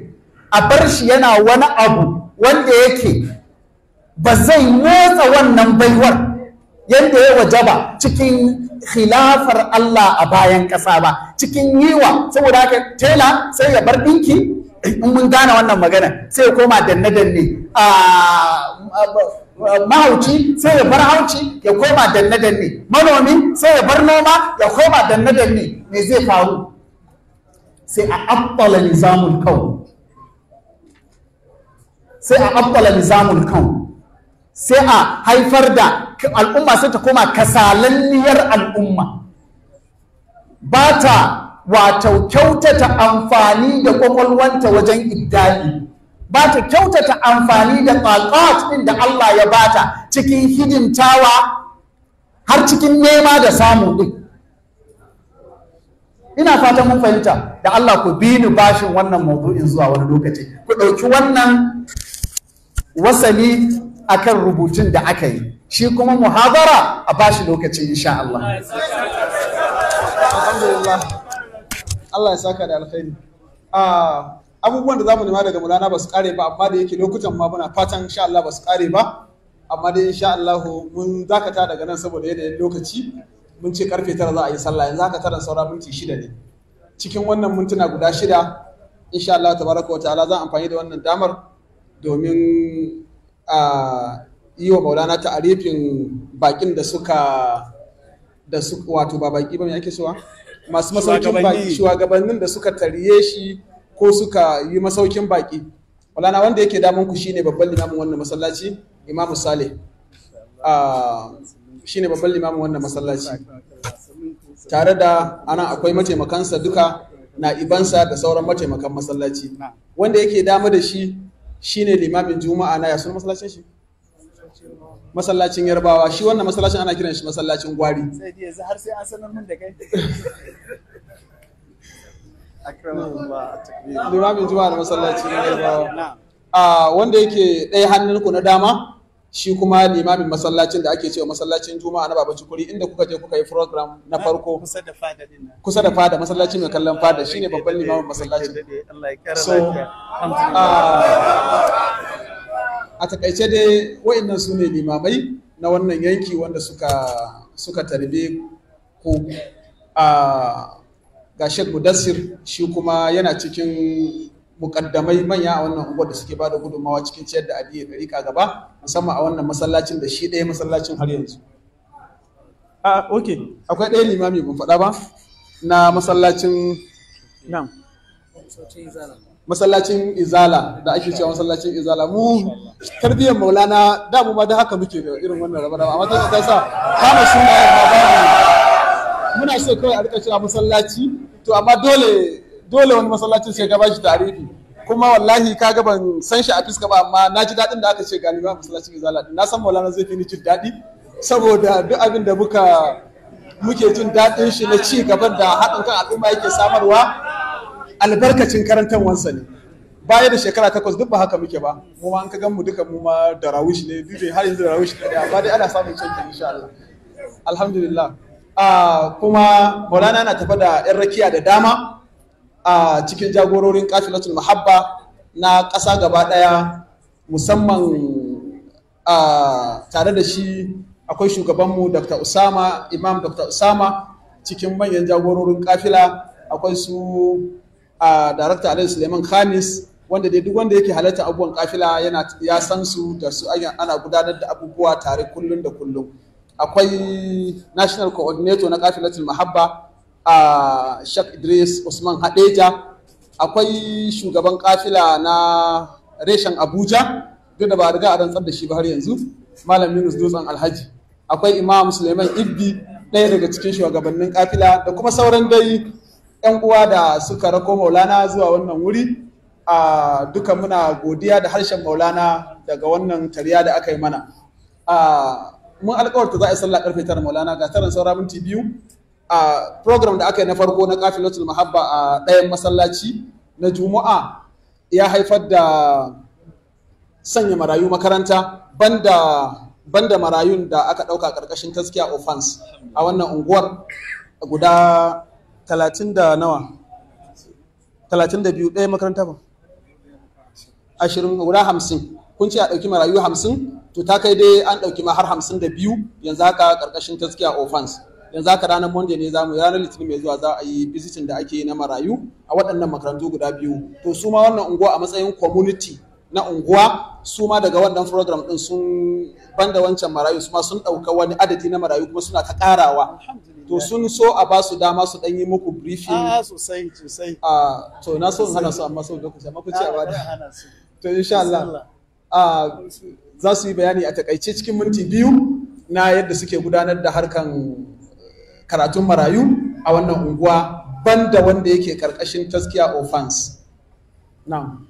a bar shi yana wani abu wanda yake ba zai motsa wannan baiwar yadda ya wajaba cikin khilafar Allah a bayan ƙasa ba cikin yiwa saboda haka tela sai ya bar ɗinki eh, in mun gane wannan magana sai ya koma danne danne a ah, ah, mahauci sai ya bar hauci ya koma danne danne manomi sai ya bar noma ya koma danne danne me zai faru sai a abbala nizamul kaun sai a abbala nizamul kaun sai a haifar da al'umma sai ta koma kasalanniyar al'umma ba ta wato kyautata amfani da kwakwalwanta wajen idda'i ba ta kyautata amfani da ƙwaƙwat ɗin da Allah ya bata cikin hidimtawa har cikin nema da samu ɗin ina fatan mun fahimta da Allah ku bi ni bashin wannan maudu'in zuwa wani lokaci ku ɗauki wannan wasali akan rubutun da aka yi shi kuma muhadara a bashi lokaci insha Allah Allah ya saka da alkhairi ah, abubuwan da zamu nema daga mulana ba su kare ba amma da yake lokutan ma muna fatan insha Allah ba su kare ba amma dai insha Allah mun zakata daga nan saboda yanayin lokaci mun ce karfe tara za a yi sallah yanzu haka tara saura minti shida ne cikin wannan mintuna guda shida insha Allah tabaraka wa ta'ala za amfani da wannan damar domin yi wa maulana ta'arifin bakin da suka da su wato ba baki ba mai ake suwa masu masaukin baki shugabannin da suka tarye shi ko suka yi masaukin baki maulana wanda yake damun ku shine babban limamin wannan masallaci imamu saleh shine babban limamin wannan masallaci tare da ana akwai mataimakansa duka na ibansa da sauran mataimakan masallaci wanda yake dama da shi shine limamin juma'a na ya masallacin shi masallacin yarbawa shi wannan masallacin ana kiran shi masallacin gwari sai dai yanzu har sai an sanar mun da kai (laughs) limamin juma'a da masallacin yarbawa a ah, wanda yake ɗaya hannunku na dama shi kuma limamin masallacin da ake cewa masallacin juma'a na baba kuri inda kuka je kuka yi program na farko kusa da fada kusa da fada masallacin mai kallon fada shine babban limamin masallacin so a takaice dai wa'annan su ne limamai na wannan yanki wanda suka suka tarbe ku a ga Sheikh Mudassir shi kuma yana cikin mukaddamai manya a wannan unguwar da suke bada gudunmawa cikin ciyar da addini rika gaba musamman a wannan masallacin da shi ɗaya masallacin har yanzu a okay akwai ɗaya limami ban faɗa ba na masallacin nan. masallacin izala da ake cewa masallacin izala mu tarbiyyar maulana da mu ma da haka muke da irin wannan rabar amma ta ta sa kama suna ma ba muna so kawai a rika cewa masallaci to amma dole dole wani masallacin sai ka bashi tarihi kuma wallahi ka ban san shi a fiska ba amma na ji daɗin da aka ce a masallacin izala na san maulana zai fi ni jin daɗi saboda duk abin da muka muke jin daɗin shi na ci gaban da haɗin kan al'umma yake samarwa albarkacin karantarwansa ne baya da shekara takwas duk ba haka muke ba mu ma an ka gan mu duka mu ma da rawish ne duk har yanzu da rawish ne amma dai ana samun canji insha Allah alhamdulillah ah, kuma Maulana na tafa da 'yan rakiya da dama a cikin jagororin kafilatul mahabba na ƙasa gaba ɗaya musamman tare da shi akwai shugabanmu dr usama imam dr usama cikin manyan jagororin kafila akwai su a darakta alai suleiman khamis wanda dai duk wanda yake halarta abubuwan kafila ya san su da su ana gudanar da abubuwa tare kullum da kullum akwai national coordinator na kafilatul mahabba a Sheikh Idris Usman Hadeja akwai shugaban kafila na reshen Abuja duk da ba riga a rantsar da shi ba har yanzu Malam Yunus Dutsen Alhaji akwai Imam Suleiman Ibbi ɗaya daga cikin shugabannin kafila da kuma sauran dai yan uwa da suka rako Maulana zuwa wannan wuri a duka muna godiya da harshen Maulana daga wannan tariya da aka yi mana mun alƙawarta za a yi sallah karfe tara Maulana ga taron saura minti biyu a program da aka yi na farko na kafilatul mahabba a ɗayan masallaci na juma'a ya haifar da sanya marayu makaranta banda banda marayun da aka ɗauka ƙarƙashin taskiya offense a wannan unguwar guda talatin da nawa talatin da biyu ɗaya makaranta ba ashirin guda hamsin kun ce a ɗauki marayu hamsin to ta kai dai an ɗauki ma har hamsin da biyu yanzu haka ƙarƙashin taskiya offense yanzu haka ranar monday ne zamu ranar litinin mai zuwa za a yi bizitin da ake yi na marayu a waɗannan makarantu guda biyu to su ma wannan unguwa a matsayin community na unguwa su ma daga wannan program din sun banda wancan marayu su ma sun ɗauka wani adadi na marayu kuma suna ta ƙarawa to sun so a ba su dama su ɗan yi muku briefing a ah, sosai sosai a ah, to na so in hana su amma saboda amma ku ce a ba da ah, to insha Allah za su yi bayani a takaice cikin minti biyu na yadda suke gudanar da harkan karatun marayu a wannan unguwa ban da wanda yake karkashin taskiya offense na'am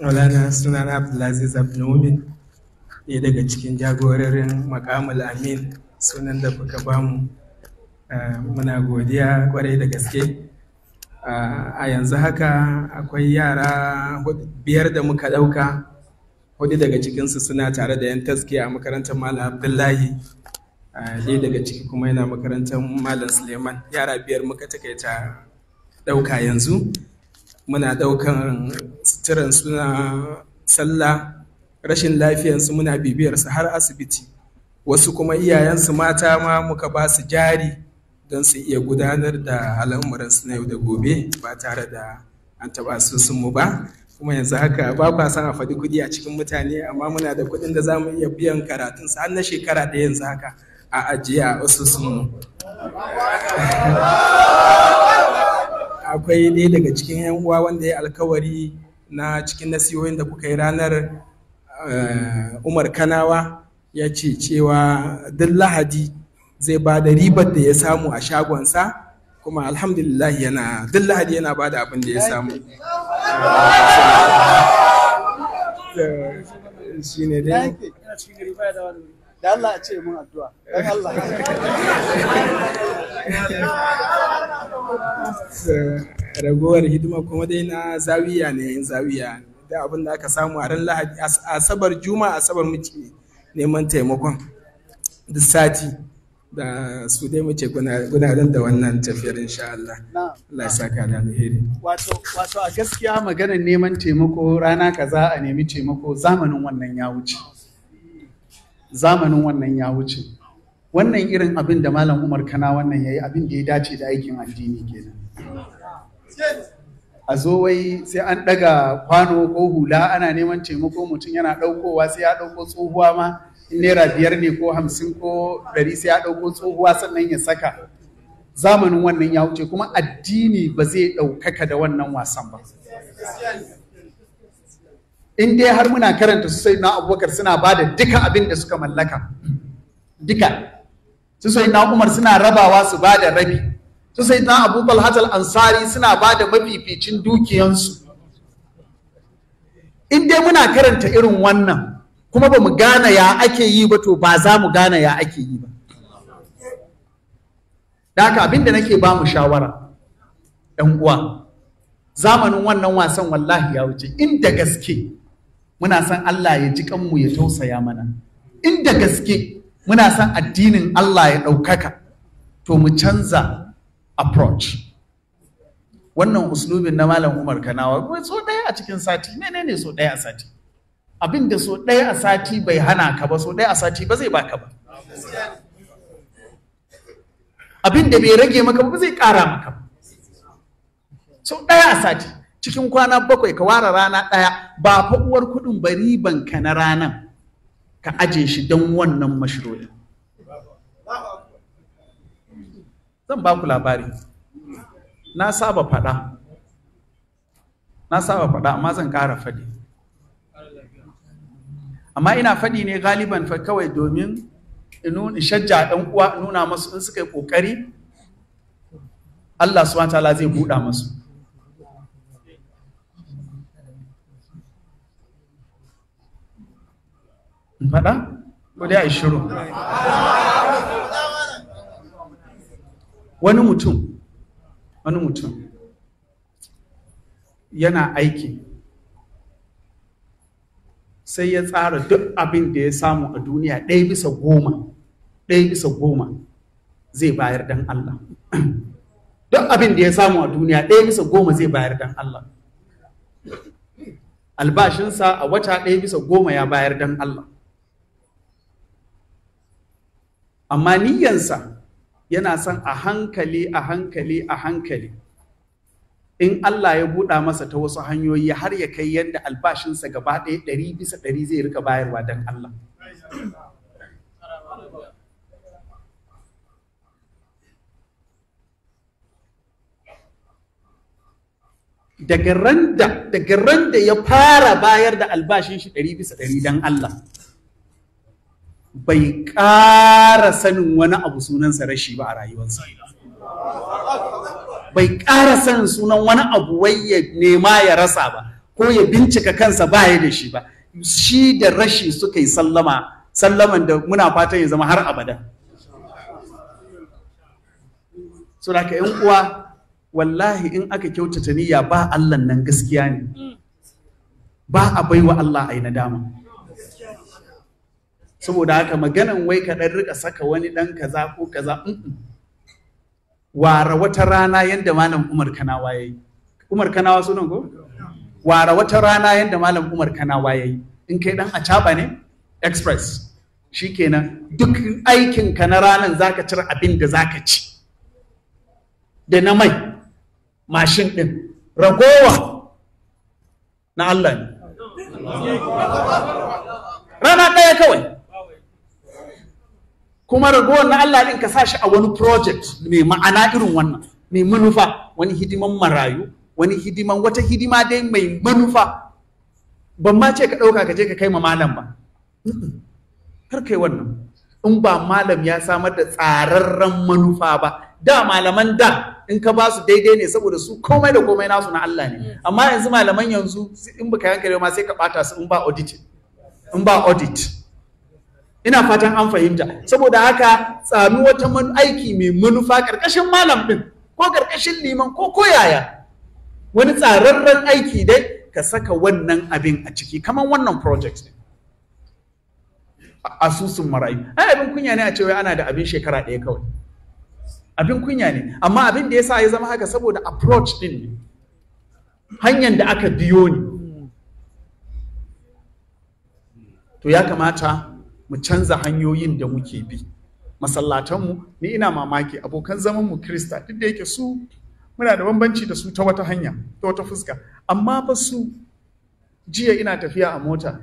Maulana sunana Abdulaziz Abdulmumin ne daga cikin jagororin makamul amin sunan da kuka bamu ah, muna godiya kwarai da gaske a yanzu haka akwai yara biyar da muka ɗauka hudu daga cikinsu suna tare da 'yan taskiya a makarantar malam abdullahi ne daga ciki kuma yana makarantar malam suleiman yara biyar muka takaita ɗauka yanzu muna ɗaukan suturan suna sallah rashin lafiyansu muna bibiyarsu har asibiti wasu kuma iyayensu mata ma muka ba su jari don su iya gudanar da al'amuransu na yau da gobe ba tare da an taɓa mu ba kuma yanzu haka ba kwa san a faɗi kuɗi a cikin mutane amma muna da kuɗin da za mu iya biyan karatun har na shekara da yanzu haka a ajiye a mu. (laughs) akwai ɗaya daga cikin yan uwa wanda ya yi alkawari na cikin nasihohin da kuka yi ranar eh, umar kanawa ya ce cewa duk lahadi zai ba da ribar da ya samu a shagonsa kuma alhamdulillah yana duk lahadi yana ba da abin da ya samu (laughs) shi (laughs) ragowar hidima kuma dai na zawiya ne yin zawiya da abin da aka samu a ran lahadi asabar juma'a asabar muke neman taimakon duk sati da su dai muke gudanar da wannan tafiyar insha Allah. Allah ya saka da alheri. Wato wato a gaskiya maganar neman taimako rana kaza a nemi taimako zamanin wannan ya wuce. Zamanin wannan ya wuce. Wannan irin abin da Malam Umar Kana wannan yayi abin da ya dace da aikin addini kenan. A zo wai sai an ɗaga kwano ko hula ana neman taimako mutum yana ɗaukowa sai ya ɗauko tsohuwa ma naira biyar ne ko hamsin ko ɗari sai ya ɗauko tsohuwa sannan ya saka zamanin wannan ya wuce kuma addini ba zai ɗaukaka da wannan wasan ba in dai har muna karanta su sai na abubakar suna ba da duka abin da suka mallaka duka su sai na umar suna rabawa su ba da rabi su sai na abubakar balhatal ansari suna ba da mafificin dukiyansu in dai muna karanta irin wannan kuma ba mu gane ya ake yi ba to ba za mu gane ya ake yi ba da haka abinda nake ba mu shawara ɗan uwa zamanin wannan wasan wallahi ya wuce inda gaske muna son Allah ya ji kanmu ya tausaya mana inda gaske muna san addinin Allah ya ɗaukaka to mu canza approach wannan uslubin na malam umar kanawa so ɗaya a cikin sati menene so ɗaya a sati abin da so ɗaya a sati bai hana ka ba so ɗaya a sati ba zai baka ba abin da bai rage maka ba zai ƙara maka ba so ɗaya a sati cikin kwana bakwai ka ware rana ɗaya ba fa uwar kuɗin ba riban ka na ranan ka aje shi don wannan mashirorin zan ba ku labari na saba faɗa na saba faɗa amma zan ƙara faɗi amma ina faɗi ne galiban fa kawai domin in shajja ɗan uwa nuna masu in suka yi ƙoƙari Allah su wata zai buɗa masu faɗa ko dai a yi shiru wani mutum wani mutum yana aiki sai ya tsara duk abin da ya samu a duniya ɗaya bisa goma ɗaya bisa goma zai bayar dan Allah (clears throat) duk abin da ya samu a duniya ɗaya bisa goma zai bayar dan Allah albashinsa a wata ɗaya bisa goma ya bayar dan Allah amma niyyansa yana son a hankali a hankali a hankali in Allah ya buɗa masa ta wasu hanyoyi har ya kai yadda albashinsa gaba ɗaya ɗari bisa ɗari zai rika bayarwa don Allah. daga ran da ya fara bayar da albashin shi ɗari bisa ɗari don Allah bai ƙara sanin wani abu sunansa rashi ba a rayuwarsa. bai ƙara san sunan wani abu wai ya nema ya rasa ba ko ya bincika kansa ba ya da shi ba shi da rashi suka yi sallama sallaman da muna fatan ya zama har abada so da yan uwa wallahi in aka kyautata niyya ba Allah nan gaskiya ne ba a baiwa Allah na nadama saboda haka maganan wai ka dan rika saka wani dan kaza ko kaza wara wata rana yadda malam umar kanawa ya yi umar kanawa sunan ko wara wata rana yadda malam umar kanawa ya in kai dan acaba ne express shikenan duk aikin ka na ranan zaka cire abin da zaka ci da na mai mashin din ragowa na Allah ne rana ɗaya kawai kuma ragowar na Allah ɗin ka sa shi a wani project mai ma'ana irin wannan mai manufa wani hidiman marayu wani hidiman wata hidima dai mai manufa ban ma ce ka ɗauka ka je ka kai ma malam ba kar kai wannan in ba malam ya samar da tsararren manufa ba da malaman da in ka ba su daidai ne saboda su komai da komai nasu na Allah ne mm. amma yanzu malaman yanzu in baka yanka ma sai ka bata su in ba audit in ba audit ina fatan an fahimta saboda haka tsami wata aiki mai manufa ƙarƙashin malam ɗin ko ƙarƙashin liman ko koyaya wani tsararren aiki dai ka saka wannan abin a ciki kamar wannan project ne asusun marayu ai abin kunya ne a cewa ana da abin shekara ɗaya kawai abin kunya ne amma abin da ya sa ya zama haka saboda approach ɗin ne hanyar da aka biyo ni to ya kamata mu canza hanyoyin da muke bi masallatanmu ni ina mamaki abokan zaman mu krista duk da yake su muna da bambanci da su ta wata hanya ta wata fuska amma ba su jiya ina tafiya a mota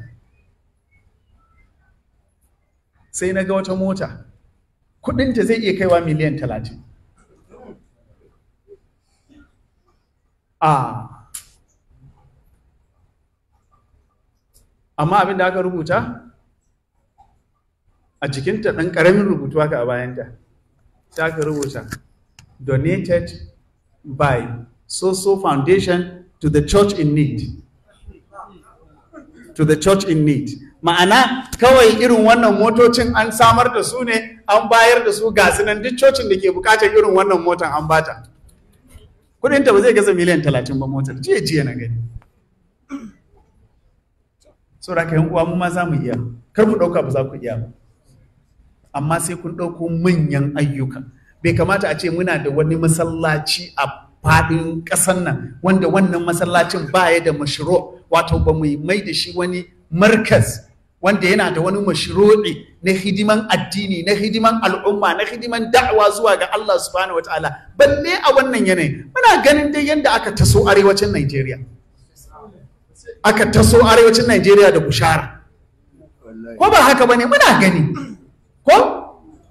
sai na ga wata mota kudinta zai iya kaiwa miliyan talatin a amma abin da aka rubuta a jikinta ɗan ƙaramin rubutu haka a bayanta ta ka rubuta donated by so so foundation to the church in need to the church in need ma'ana kawai irin wannan motocin an samar da su ne an bayar da su ga nan duk cocin da ke bukatar irin wannan motan an bata kudinta ba zai gaza miliyan talatin ba motar jiya jiya na gani saboda ka yi uwa mu ma za mu iya kar mu dauka ba za ku iya ba amma sai kun ɗauko manyan ayyuka bai kamata a ce muna da wani masallaci a faɗin ƙasan nan wanda wannan masallacin baya da mashiro wato ba mu mai da shi wani markas wanda yana da wani mashru'i na hidiman addini na hidiman al'umma na hidiman da'awa zuwa ga Allah subhanahu wataala balle a wannan yanayi muna ganin dai yadda aka taso arewacin Najeriya aka taso arewacin Najeriya da bushara ko ba haka bane muna gani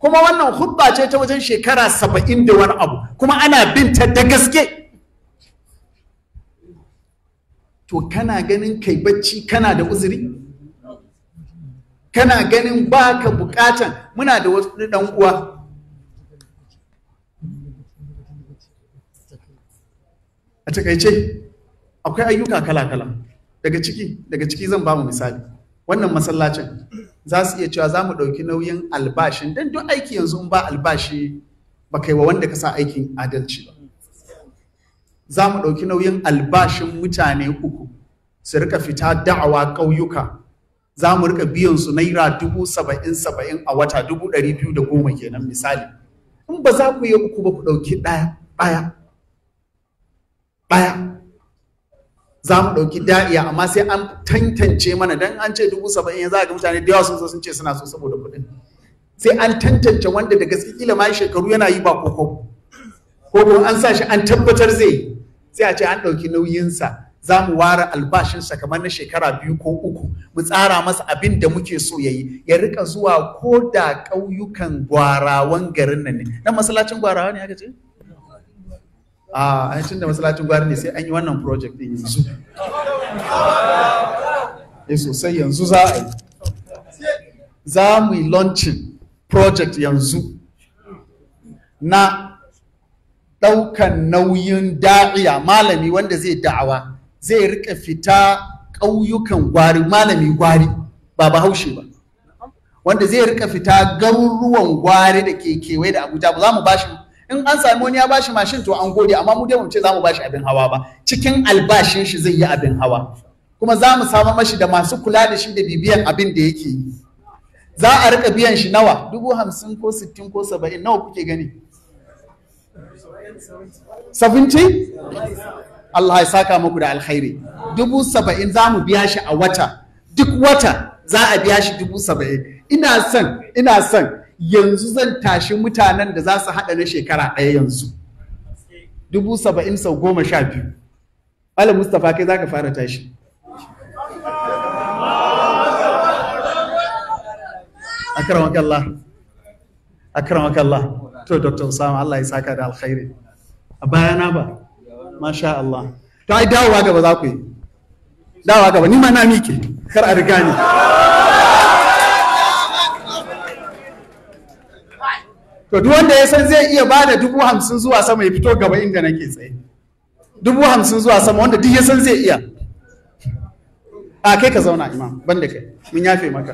kuma wannan hudba ce ta wajen shekara saba'in da wani abu kuma ana bin ta da gaske to kana ganin kai bacci kana da uzuri kana ganin ba ka bukatan muna da wasu ɗan uwa a takaice akwai ayyuka kala-kala daga ciki daga ciki zan ba mu misali wannan masallacin za su iya cewa za mu ɗauki nauyin albashin don duk aiki yanzu in ba albashi ba kai wa wanda ka sa aikin adalci ba za mu ɗauki nauyin albashin mutane uku su rika fita da'awa ƙauyuka za mu rika biyan su naira dubu saba'in saba'in a wata dubu ɗari biyu da goma kenan misali in ba za ku yi uku ba ku ɗauki ɗaya ɗaya ɗaya za mu ɗauki da'iya amma sai an tantance mana dan an ce dubu saba'in za a ga mutane da yawa sun zo sun ce suna so saboda kuɗin sai an tantance wanda da gaske kila ma shekaru yana yi ba koko ko ko an sa shi an tabbatar zai sai a ce an ɗauki nauyinsa za mu ware albashinsa kamar na shekara biyu ko uku mu tsara masa abin da muke so ya yi ya rika zuwa ko da ƙauyukan gwarawan garin nan ne nan masallacin gwarawa ne aka ce a ah, an tunda masallacin gwari ne sai an yi wannan project din yanzu eh sosai yanzu za a yi za mu yi launching project yanzu na ɗaukan nauyin da'iya malami wanda zai da'awa zai rika fita ƙauyukan gwari malami gwari ba ba haushe ba wanda zai rika fita garuruwan gwari da ke kewaye da abuja ba za mu bashi in an sami wani ya bashi mashin to an gode amma mu dai mu ce za mu bashi abin hawa ba cikin albashin shi zai yi abin hawa kuma za mu samu mashi da masu kula da shi da bibiyan abin da yake yi za a rika biyan shi nawa dubu hamsin ko sittin ko saba'in nawa kuke gani 70 Allah ya saka muku da alkhairi dubu saba'in za mu biya shi a wata duk wata za a biya shi dubu saba'in ina son ina son yanzu zan tashi mutanen da za su haɗa na shekara ɗaya yanzu dubu saba'in sau goma sha biyu malam mustapha kai za ka fara tashi akramaka Allah akramaka Allah to Dr. Usama Allah ya saka da alkhairi a bayana ba masha Allah to ai dawowa gaba za ku yi dawowa gaba ni ma na mike kar a riga ne. to duk wanda ya san zai iya bada dubu hamsin zuwa sama ya fito gaba inda nake tsaye dubu hamsin zuwa sama wanda duk ya san zai iya a kai ka zauna imam ban da kai mun yafe maka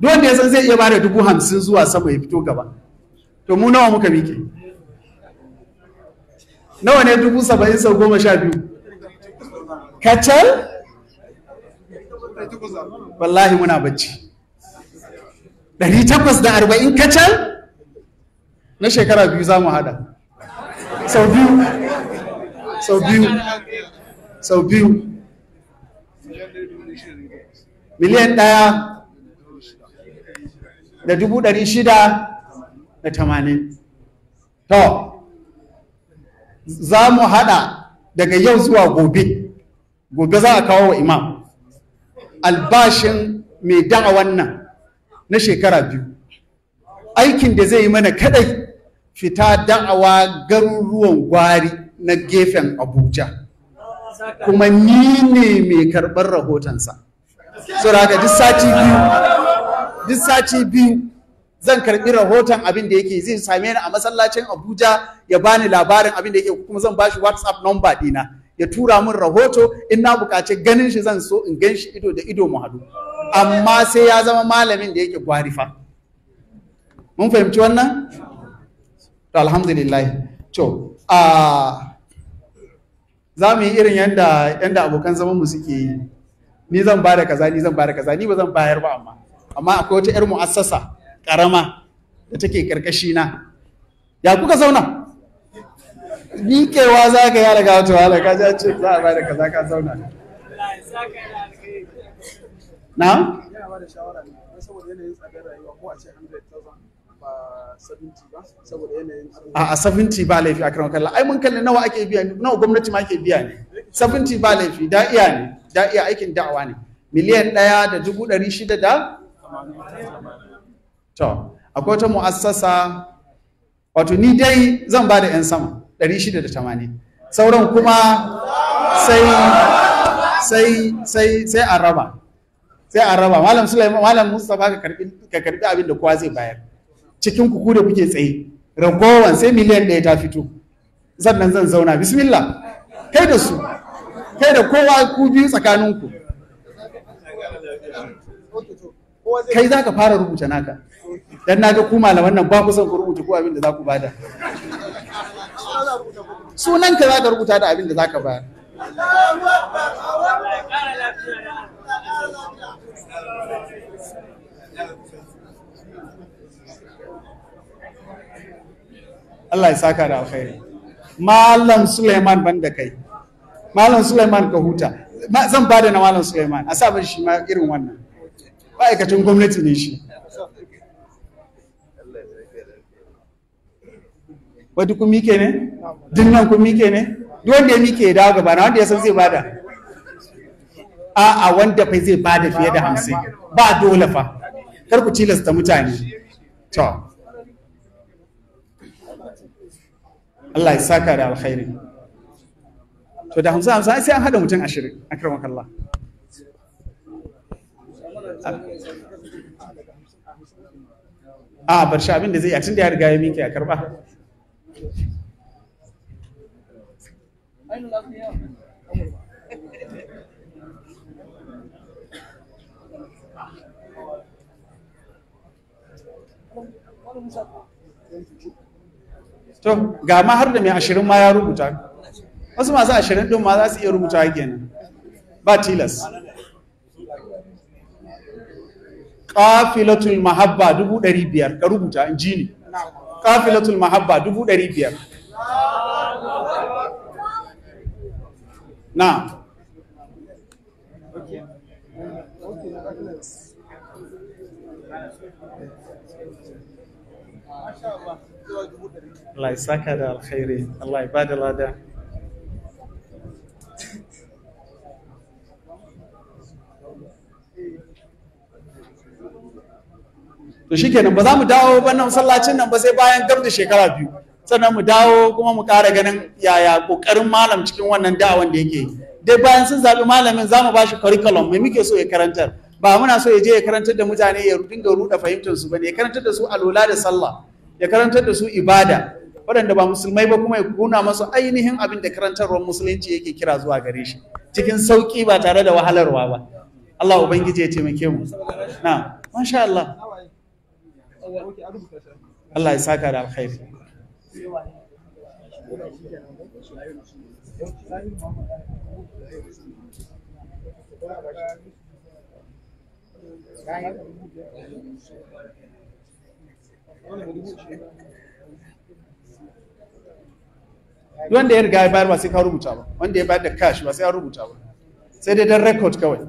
duk wanda ya san zai iya bada dubu hamsin zuwa sama ya fito gaba to mu nawa muka mike nawa ne dubu saba'in sau goma sha biyu kacal wallahi muna bacci 840 kacal na shekara biyu za mu hada sau biyu sau biyu sau biyu miliyan ɗaya da dubu ɗari shida da tamanin to za mu haɗa daga yau zuwa gobe gobe za a kawo wa imam albashin mai da'a wannan na shekara biyu aikin da zai yi mana kadai fita da'awa garuruwan gwari na gefen abuja kuma ni ne mai karɓar rahotonsa saboda duk sati biyu duk sati biyu zan karɓi rahoton abin da yake zai same ni a masallacin abuja ya bani labarin abin da yake kuma zan bashi whatsapp number dina ya tura min rahoto in na buƙaci ganin shi zan so in gan shi ido da ido mu haɗu amma sai ya zama malamin da yake gwarifa mun fahimci wannan alhamdulillah to a za mu yi irin yadda yadda abokan zaman mu suke yi ni zan ba da kaza ni zan ba da kaza ni ba zan bayar ba amma amma akwai wata yar mu'assasa ƙarama da take karkashi na ya kuka zauna miƙewa za ka yi riga wata wahala ka ce za a ba da kaza ka zauna na a 70 ba laifi a kan kalla ai mun kalli nawa ake biya ne nawa gwamnati ma ake biya ne 70 ba laifi da iya ne da iya aikin da'awa ne miliyan ɗaya da dubu ɗari shida da to akwai wata mu'assasa wato ni dai zan ba da 'yan sama ɗari shida da tamanin sauran kuma sai sai sai sai a raba sai a raba malam sulaiman malam mustafa ka karbi ka karbi abin da kowa zai bayar cikin ku da kuke tsaye ragowan sai miliyan ɗaya ta fito sannan zan zauna bismillah kai da su kai da kowa ku biyu tsakaninku kai za ka fara rubuta naka dan na ga ku malaman nan ba ku son ku rubuta ko abin da za ku bada sunan ka za ka rubuta da abin da za ka bayar Allah ya saka da alkhairi Malam Suleiman ban da kai Malam Suleiman ka huta zan bada na Malam Suleiman a sa shi ma irin wannan ma'aikacin gwamnati ne shi wadda kun mike ne? dinnan kun mike ne? duk wanda ya mike ya dawo gaba na wanda ya san zai bada a'a wanda fa zai bada fiye da hamsin ba dole fa kar ku tilasta mutane to Allah ya saka da alkhairi to da hamsin hamsin sai an hada mutum ashirin akramaka Allah a bar shi da zai yi a tun da ya riga ya miƙe a karba to ga ma har da mai ashirin ma ya rubuta wasu masu ashirin ɗin ma za su iya rubuta kenan ba tilas ƙafilatul mahabba dubu ɗari biyar ka rubuta in ji ne. ƙafilatul mahabba dubu ɗari biyar na Allah ya saka da alkhairi Allah ya ba da lada to shikenan ba za mu dawo nan masallacin nan ba sai bayan gamda shekara biyu sannan mu dawo kuma mu ƙara ganin yaya ƙoƙarin malam cikin wannan da'awan da yake dai bayan sun zaɓi malamin za mu ba shi curriculum mai muke so ya karantar ba muna so ya je ya karantar da mutane ya dinga ruɗa fahimtar su bane ya karantar da su alola da sallah ya karantar da su ibada waɗanda ba musulmai ba kuma ya kuna masu ainihin abin da karantarwar musulunci yake kira zuwa gare shi cikin sauƙi ba tare da wahalarwa ba Allah ubangiji ya taimake mu na masha Allah Allah ya saka da alkhairi Thank you. wanda ya riga ya bayar ba sai ka rubuta ba wanda ya bayar da cash ba sai ya rubuta ba sai dai don record kawai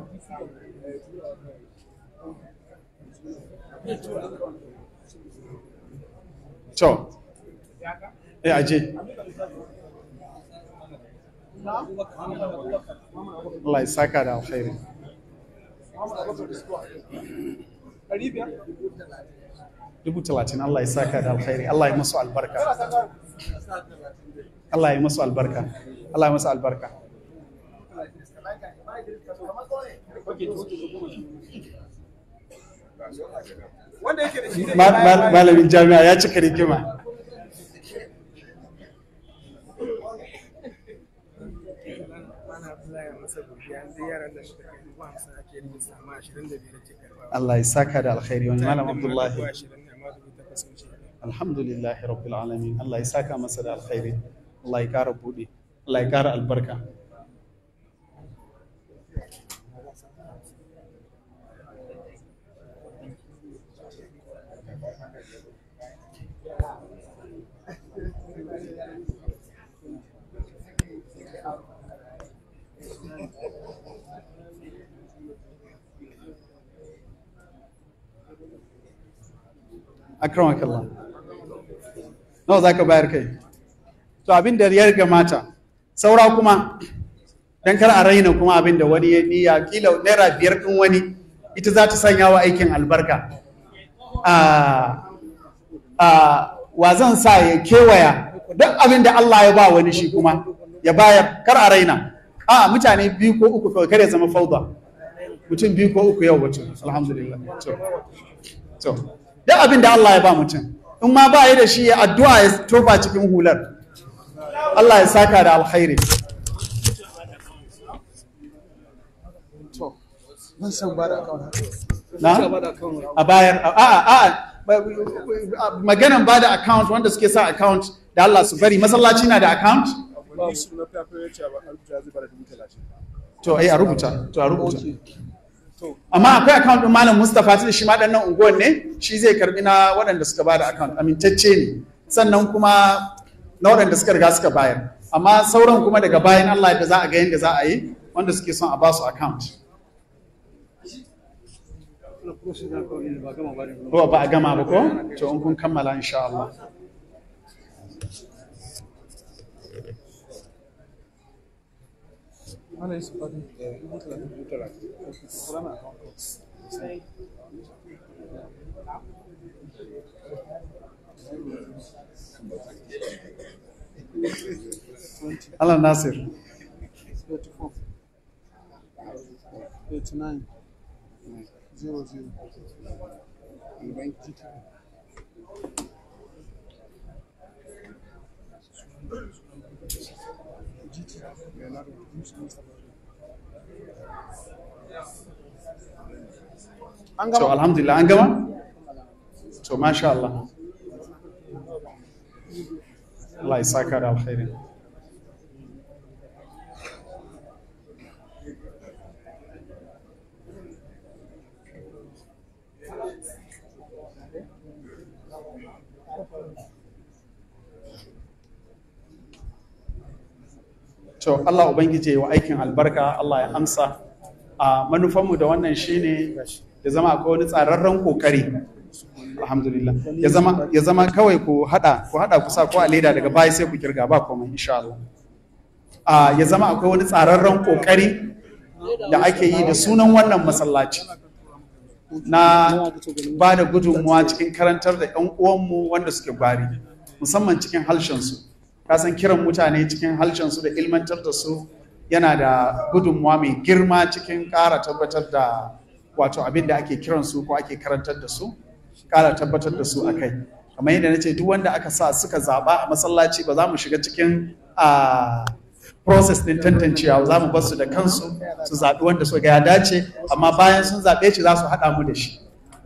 to ya eh, aje Allah ya saka da alkhairi dubu talatin Allah ya saka da alkhairi Allah ya masu albarka Allah ya masu albarka Allah ya masu albarka malamin jami'a ya cika rigima Allah ya saka da alkhairi wani malam Abdullahi الحمد لله رب العالمين الله يساك مسألة الخير الله يكار بودي الله يكار البركة أكرمك الله nawa za ka bayar kai to abin da ya riga mata saura kuma don kar a raina kuma abin da wani ya niyya kila naira biyar ɗin wani ita za ta sanya wa aikin albarka wa zan sa ya kewaya duk abin da Allah ya ba wani shi kuma ya bayar kar a raina a mutane biyu ko uku kawai kar ya zama fauda mutum biyu ko uku yau mutum alhamdulillah to duk abin da Allah ya ba mutum in ma ba yi da shi ya addu'a ya tofa cikin hular Allah ya saka da alkhairi na a bayar a ba da account wanda suke sa account da Allah su bari masallaci na da account to a rubuta to a rubuta amma akwai account din malam Mustapha tun shi ma dan nan unguwar ne shi zai karbi na waɗanda suka ba da account amintacce ne sannan kuma na waɗanda suka riga suka bayar amma sauran kuma daga bayan Allah da za a ga yadda za a yi wanda suke son a ba su account ba a gama ba ko to in kun kammala insha Allah Quando eles podem ter? Programa. Alan Nasser. 34. 89. 00. الحمد لله انقوى ما شاء الله الله يسعدك على الخير to Allah ubangiji wa aikin albarka Allah ya amsa a manufanmu da wannan shine ya zama akwai wani tsararren kokari alhamdulillah ya zama ya zama kawai ku hada ku hada ku sa ko a leda daga baya sai ku kirga ba komai insha Allah a ya zama akwai wani tsararren kokari da ake yi da sunan wannan masallaci na ba da gudunmuwa cikin karantar da ƴan uwanmu wanda suke gwari musamman cikin su kasan kiran mutane cikin halcinsu da ilmantar da su yana da gudunmuwa mai girma cikin ƙara tabbatar da wato abin da ake kiran su ko ake karantar da su ƙara tabbatar da su a kai. kamar yadda ce duk wanda aka sa suka zaba a masallaci ba za mu shiga cikin a process din tantancewa za mu bar su da kansu su zaɓi wanda su ga ya dace amma bayan sun zaɓe shi za su haɗa mu da shi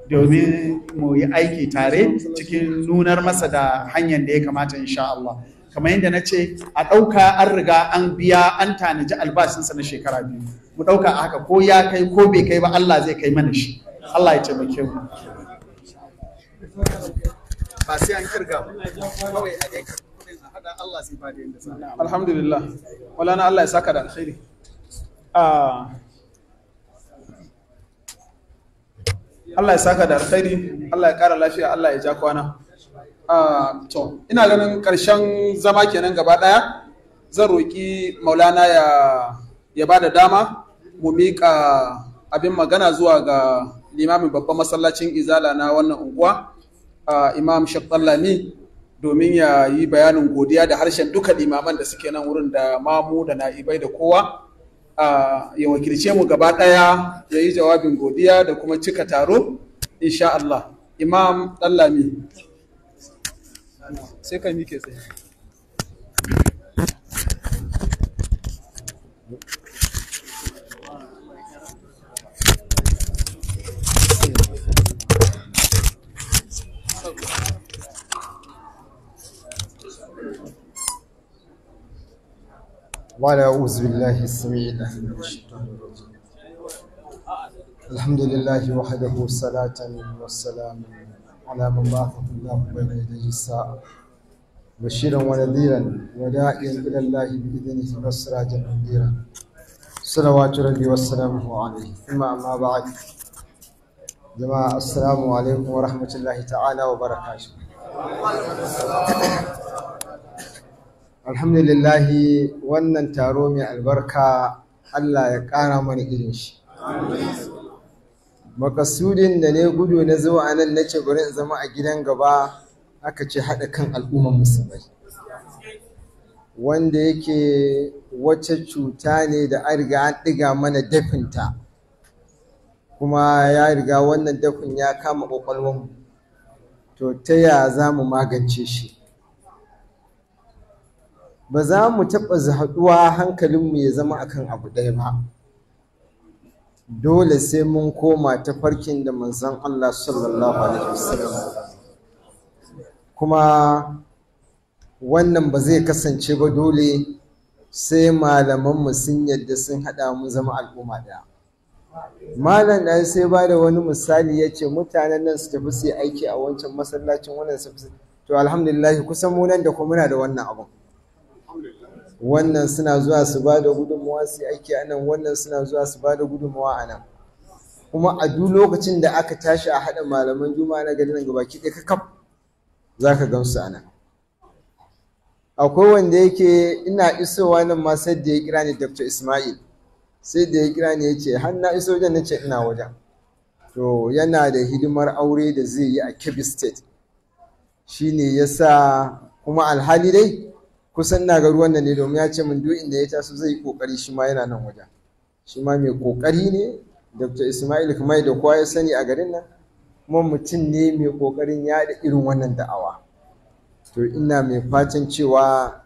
domin mu yi aiki tare cikin nunar masa da hanyar da ya kamata insha Allah kamar yadda na ce a ɗauka an riga an biya an tanaji albashinsa na shekara biyu mu ɗauka a haka ko ya kai ko bai kai ba Allah zai kai mana shi Allah ya taimake mu ba sai an kirga kawai a dai hada Allah zai ba da alhamdulillah wala na Allah ya saka da alheri ah, Allah ya saka da alkhairi Allah ya kara lafiya Allah ya ja kwana Ah, to ina ganin ƙarshen zama kenan gaba daya zan roƙi maulana ya ya ba da dama mu miƙa abin magana zuwa ga limamin babban masallacin izala na wannan unguwa imam shakwallami domin ya yi bayanin godiya da harshen duka limaman da suke nan wurin da mamu da na'ibai da kowa ya wakilce mu gaba ɗaya ya yi jawabin godiya da kuma cika taro insha Allah imam dallami sai ka mike tsaye أعوذ بالله السميع العليم من الشيطان الرجيم الحمد لله وحده صلاة والسلام على من بعثه الله بين يدي الساعة بشيرا ونذيرا وداعيا إلى الله بإذنه وسراجا منيرا صلوات ربي وسلامه عليه ثم أما بعد جماعة السلام عليكم ورحمة الله تعالى وبركاته alhamdulillah wannan taro mai albarka Allah ya ƙara mana irin shi makasudin da ne gudu na zuwa nan na ce bari zama a gidan gaba aka ce haɗa kan al'umman musulmai wanda yake wace cuta ne da an riga an ɗiga mana dafinta kuma ya riga wannan dafin ya kama ƙwaƙwalwanmu to ta ya za mu magance shi ba za mu taɓa haɗuwa hankalinmu ya zama akan abu ɗaya ba dole sai mun koma ta farkin da manzon Allah sallallahu alaihi wasallam kuma wannan ba zai kasance ba dole sai malamanmu sun yadda sun haɗa mu zama al'umma daya malam ɗan sai ba da wani misali ya ce mutanen nan su tafi su yi aiki a wancan masallacin wannan su to alhamdulillah kusan mu nan da kuma muna da wannan abun wannan suna zuwa su ba da gudunmawa su aiki a nan wannan suna zuwa su ba da gudunmawa a nan kuma a duk lokacin da aka tashi a haɗa malaman juma'a na garin gaba ki ɗaya kakaf za ka gamsu a nan akwai wanda yake ina isowa nan ma sai da ya kira ni dr ismail sai da ya kira ni ya ce har na iso wajen na ce ina wajen to yana da hidimar aure da zai yi a kebbi state ya sa kuma alhali dai kusan na ga ruwan nan ne domin ya ce min duk inda ya taso zai yi kokari shi ma yana nan wajen shi ma mai kokari ne dr ismail kamai da kowa ya sani a garin nan kuma mutum ne mai kokarin yaɗa irin wannan da'awa to ina mai fatan cewa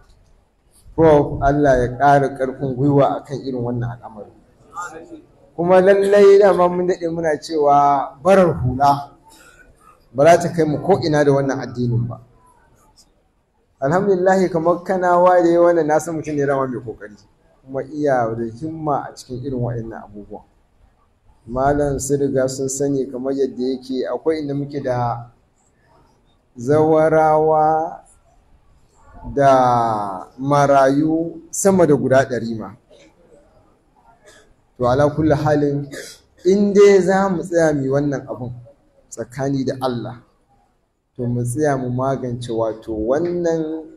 prof allah ya ƙara ƙarfin gwiwa akan irin wannan al'amari kuma lallai dama mun daɗe muna cewa barar hula ba za ta kai mu ko ina da wannan addinin ba alhamdulillahi kamar kana ware wannan na san mutum ne rama mai kokari kuma iya da himma a cikin irin waɗannan abubuwa malam sun riga sun sani kamar yadda yake akwai inda muke da zawarawa da marayu sama da guda ɗari ma to ala kulli halin in dai za mu tsaya mai wannan abun tsakani da Allah to mu tsaya mu magance wato wannan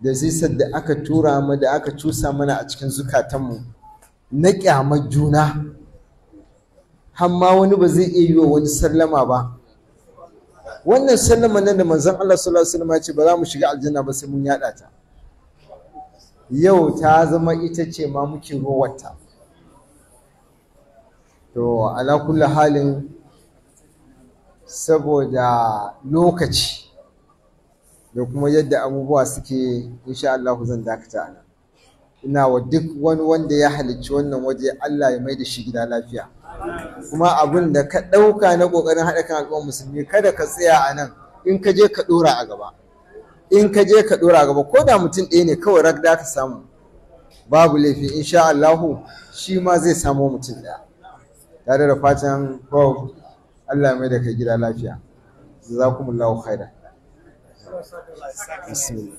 da zisar da aka tura mu da aka cusa mana a cikin zukatanmu na ƙyamar juna hamma wani ba zai iya yi wa wani sallama ba wannan sallama nan da manzan Allah sallallahu alaihi ya ce ba za mu shiga aljanna ba sai mun yada ta yau ta zama ita ce ma muke rowarta to ala kulli halin saboda lokaci da kuma yadda abubuwa suke insha Allah zan dakata anan, ina wa duk wani wanda ya halicci wannan waje Allah ya mai da shi gida lafiya kuma abin da ka ɗauka na ƙoƙarin haɗa kan al'ummar musulmi kada ka tsaya a nan in ka je ka ɗora a gaba in ka je ka ɗora a gaba ko da mutum ɗaya ne kawai ragda ka samu babu laifi insha Allah shi ma zai samo mutum ɗaya tare da fatan Prof Allah mai da kai gida lafiya jazakumullahu khairan bismillah